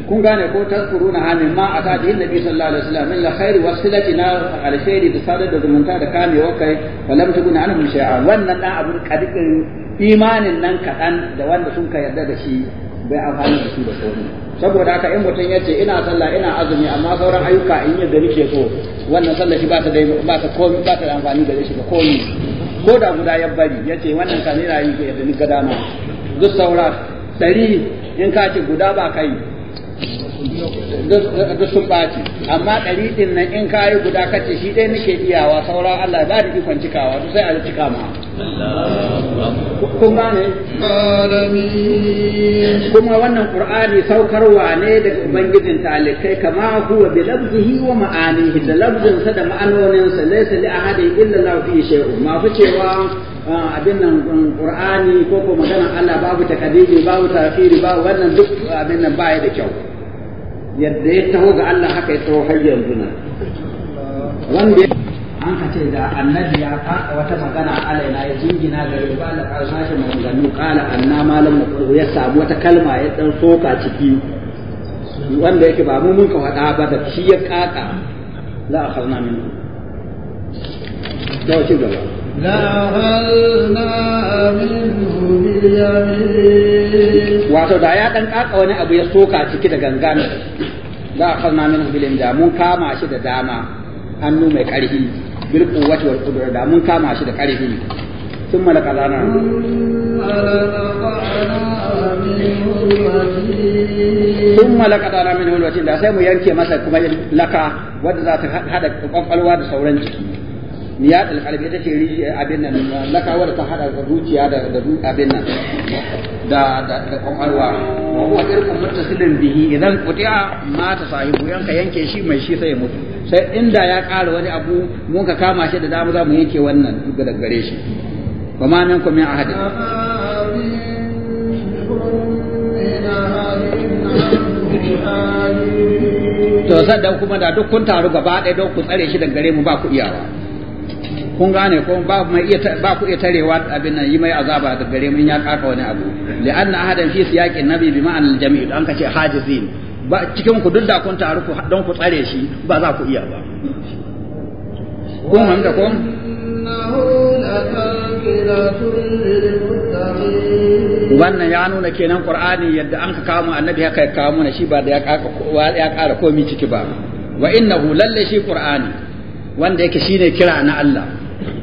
kun gane ko tazkuruna ha mimma ata bihi nabi sallallahu alaihi wasallam min khair wasilati na alkhairi da sadar da zumunta da kamewa kai walam tukuna anhum shay'a wannan dan abun kadikin imanin nan kaɗan da wanda sun ka yarda da shi bai amfani da shi da sauri. saboda haka in mutum ya ce ina sallah ina azumi amma sauran ayyuka in yadda nake so wannan sallah shi ba ta da ba ta komai ba ta amfani da shi ba komai ko da guda ya bari ya ce wannan kan ina yi yadda ni ga dama duk saura ɗari in ka ce guda ba kai duk sun ɓaci amma ɗari ɗin nan in kayi guda kace shi ɗaya nake iyawa sauran Allah ba da ikon cikawa duk sai a cika ma Kuma ne? kuma wannan ƙur'ani saukarwa ne daga ubangijin talikai kama huwa bi lafzihi wa ma'anihi da lafzin sa da ma'anonin laisa li ahadi illa la fi ma fi cewa abin nan Ƙur'ani ko ko magana Allah babu takadiri babu tasiri, babu wannan duk abin nan baya da kyau yadda ya taho ga Allah haka ya taho har yanzu nan wanda an ka ce da annabi ya faɗa wata magana alaina ya jingina ga yau ba da sashen maganganu kala anna malam ya samu wata kalma ya dan soka ciki wanda yake ba mu mun ka faɗa ba da shi ya kaka la akharna minhu da ci gaba wato da ya dan kaka wani abu ya soka ciki da gangan za a na min bilin da mun kama shi da dama hannu mai karfi bil quwwati wal qudrah da mun kama shi da karfi sun malaka zana sun malaka zana min hulwatin da sai mu yanke masa kuma laka wadda za ta hada kwakwalwa da sauran jiki niyat alqalbi ita ce abin nan lakawa da ta hada da zuciya da da abin nan da da da kwakwalwa wa huwa irqun muttasilin bihi idan quti'a mata sahibu yanka yanke shi mai shi sai ya mutu sai inda ya ƙara wani abu mun ka kama shi da dama za mu yanke wannan da gare shi wa ma minkum min ahadin to sannan kuma da duk kun taru gaba ɗaya don ku tsare shi daga gare mu ba ku iyawa kun gane ko ba mai iya ba ku iya tarewa abin nan yi mai azaba da gare mun ya kaka wani abu li anna ahadan fi siyaqin nabi bi ma'an al jami' an kace hajizin ba cikin ku duk da kun taru ku don ku tsare shi ba za ku iya ba kun hamda kun wannan ya nuna kenan qur'ani yadda an ka kawo annabi haka ya kawo mana shi ba da ya kaka ya kara komi ciki ba wa innahu lalle shi qur'ani wanda yake shine kira na Allah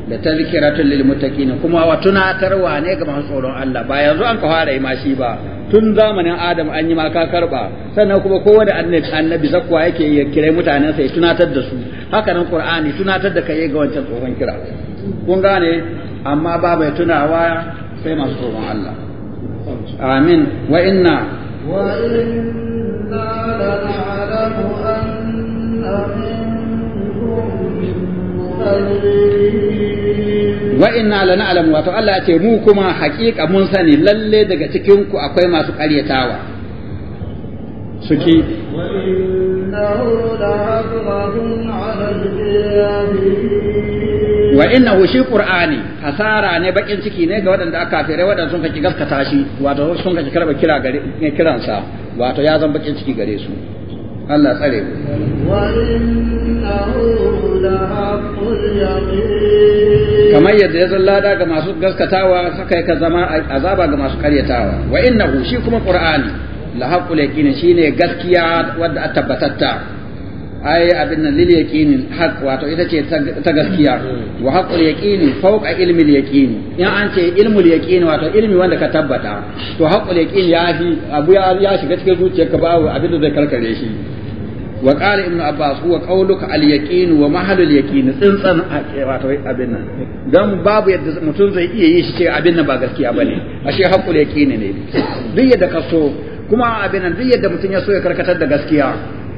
da tazkiratun lil muttaqin kuma wa tunatarwa ne ga masu tsoron Allah ba yanzu an ka fara yi ma shi ba tun zamanin Adam an yi ma ka karba sannan kuma kowane annabi annabi zakwa yake ya kira mutanen sai tunatar da su haka nan Qur'ani tunatar da kai ga wancan tsoron kira kun gane amma ba bai tunawa sai masu tsoron Allah amin wa inna wa inna la na'lamu anna minkum wa inna lana alamu wato Allah ya ce mu kuma haƙiƙa mun sani lalle daga cikin ku akwai masu ƙaryatawa suki wa hu shi qur'ani hasara ne bakin ciki ne ga waɗanda aka fere waɗanda sun kaki gaskata shi wato sun kaki karba kira gare kiransa wato ya zan bakin ciki gare su Allah tsare kamar yadda ya zallada ga masu gaskatawa haka ka zama azaba ga masu karyatawa wa innahu shi kuma qur'ani la haqqul yaqin shine gaskiya wadda a tabbatatta ai abin nan lil yaqinin haq wato ita ce ta gaskiya mm. wa haqqul yaqini fawqa ilmi al yaqini in an ce ilmu al yaqini wato ilmi wanda ka tabbata to haqqul yaqini ya fi abu ya shiga cikin ka ba abin da zai karkare shi wa qala ibnu abbas huwa qawluka al yaqin wa mahal al yaqin tsintsan wato abin nan dan babu yadda mutum zai iya yi shi ce abin nan ba gaskiya bane ashe haqqul yaqini ne duk yadda ka so kuma abin nan duk yadda mutum ya so ya karkatar da gaskiya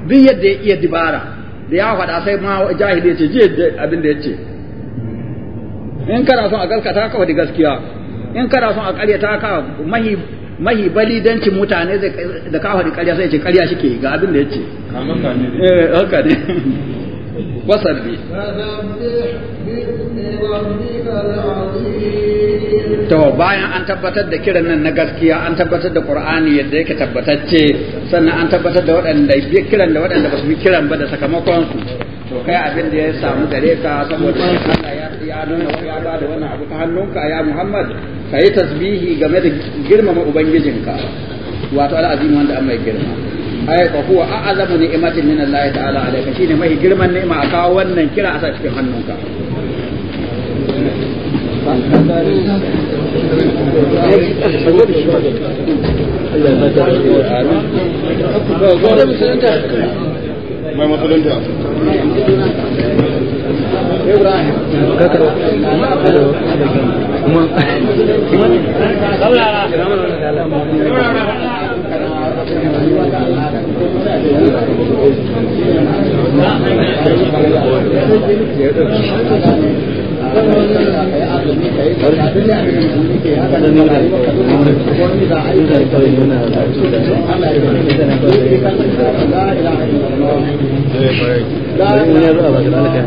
duk yadda ya iya dibara da ya faɗa sai ma jahili ya ce ji abin da ya ce in kana son a gaskata ka faɗi gaskiya in kana son a ta ka mahi mahi balidancin mutane da ka faɗi ƙarya sai ce ƙarya shike ga abin da ya ce eh, haka ne wasalli to bayan an tabbatar da kiran nan na gaskiya an tabbatar da qur'ani yadda yake tabbatacce sannan an tabbatar da waɗanda bi kiran da waɗanda ba su bi kiran ba da sakamakon su to kai abin da ya samu gare ka saboda Allah ya ya nuna ya ba da wannan abu ta hannunka ya Muhammad kai tasbihi game da girmama ubangijinka wato al'azim wanda an mai girma ai fa huwa a'zamu ni'matin min Allah ta'ala alayka shine mai girman ni'ima a kawo wannan kira a sa cikin hannunka mai musulunta Ibrahim kuma لا إله إلا الله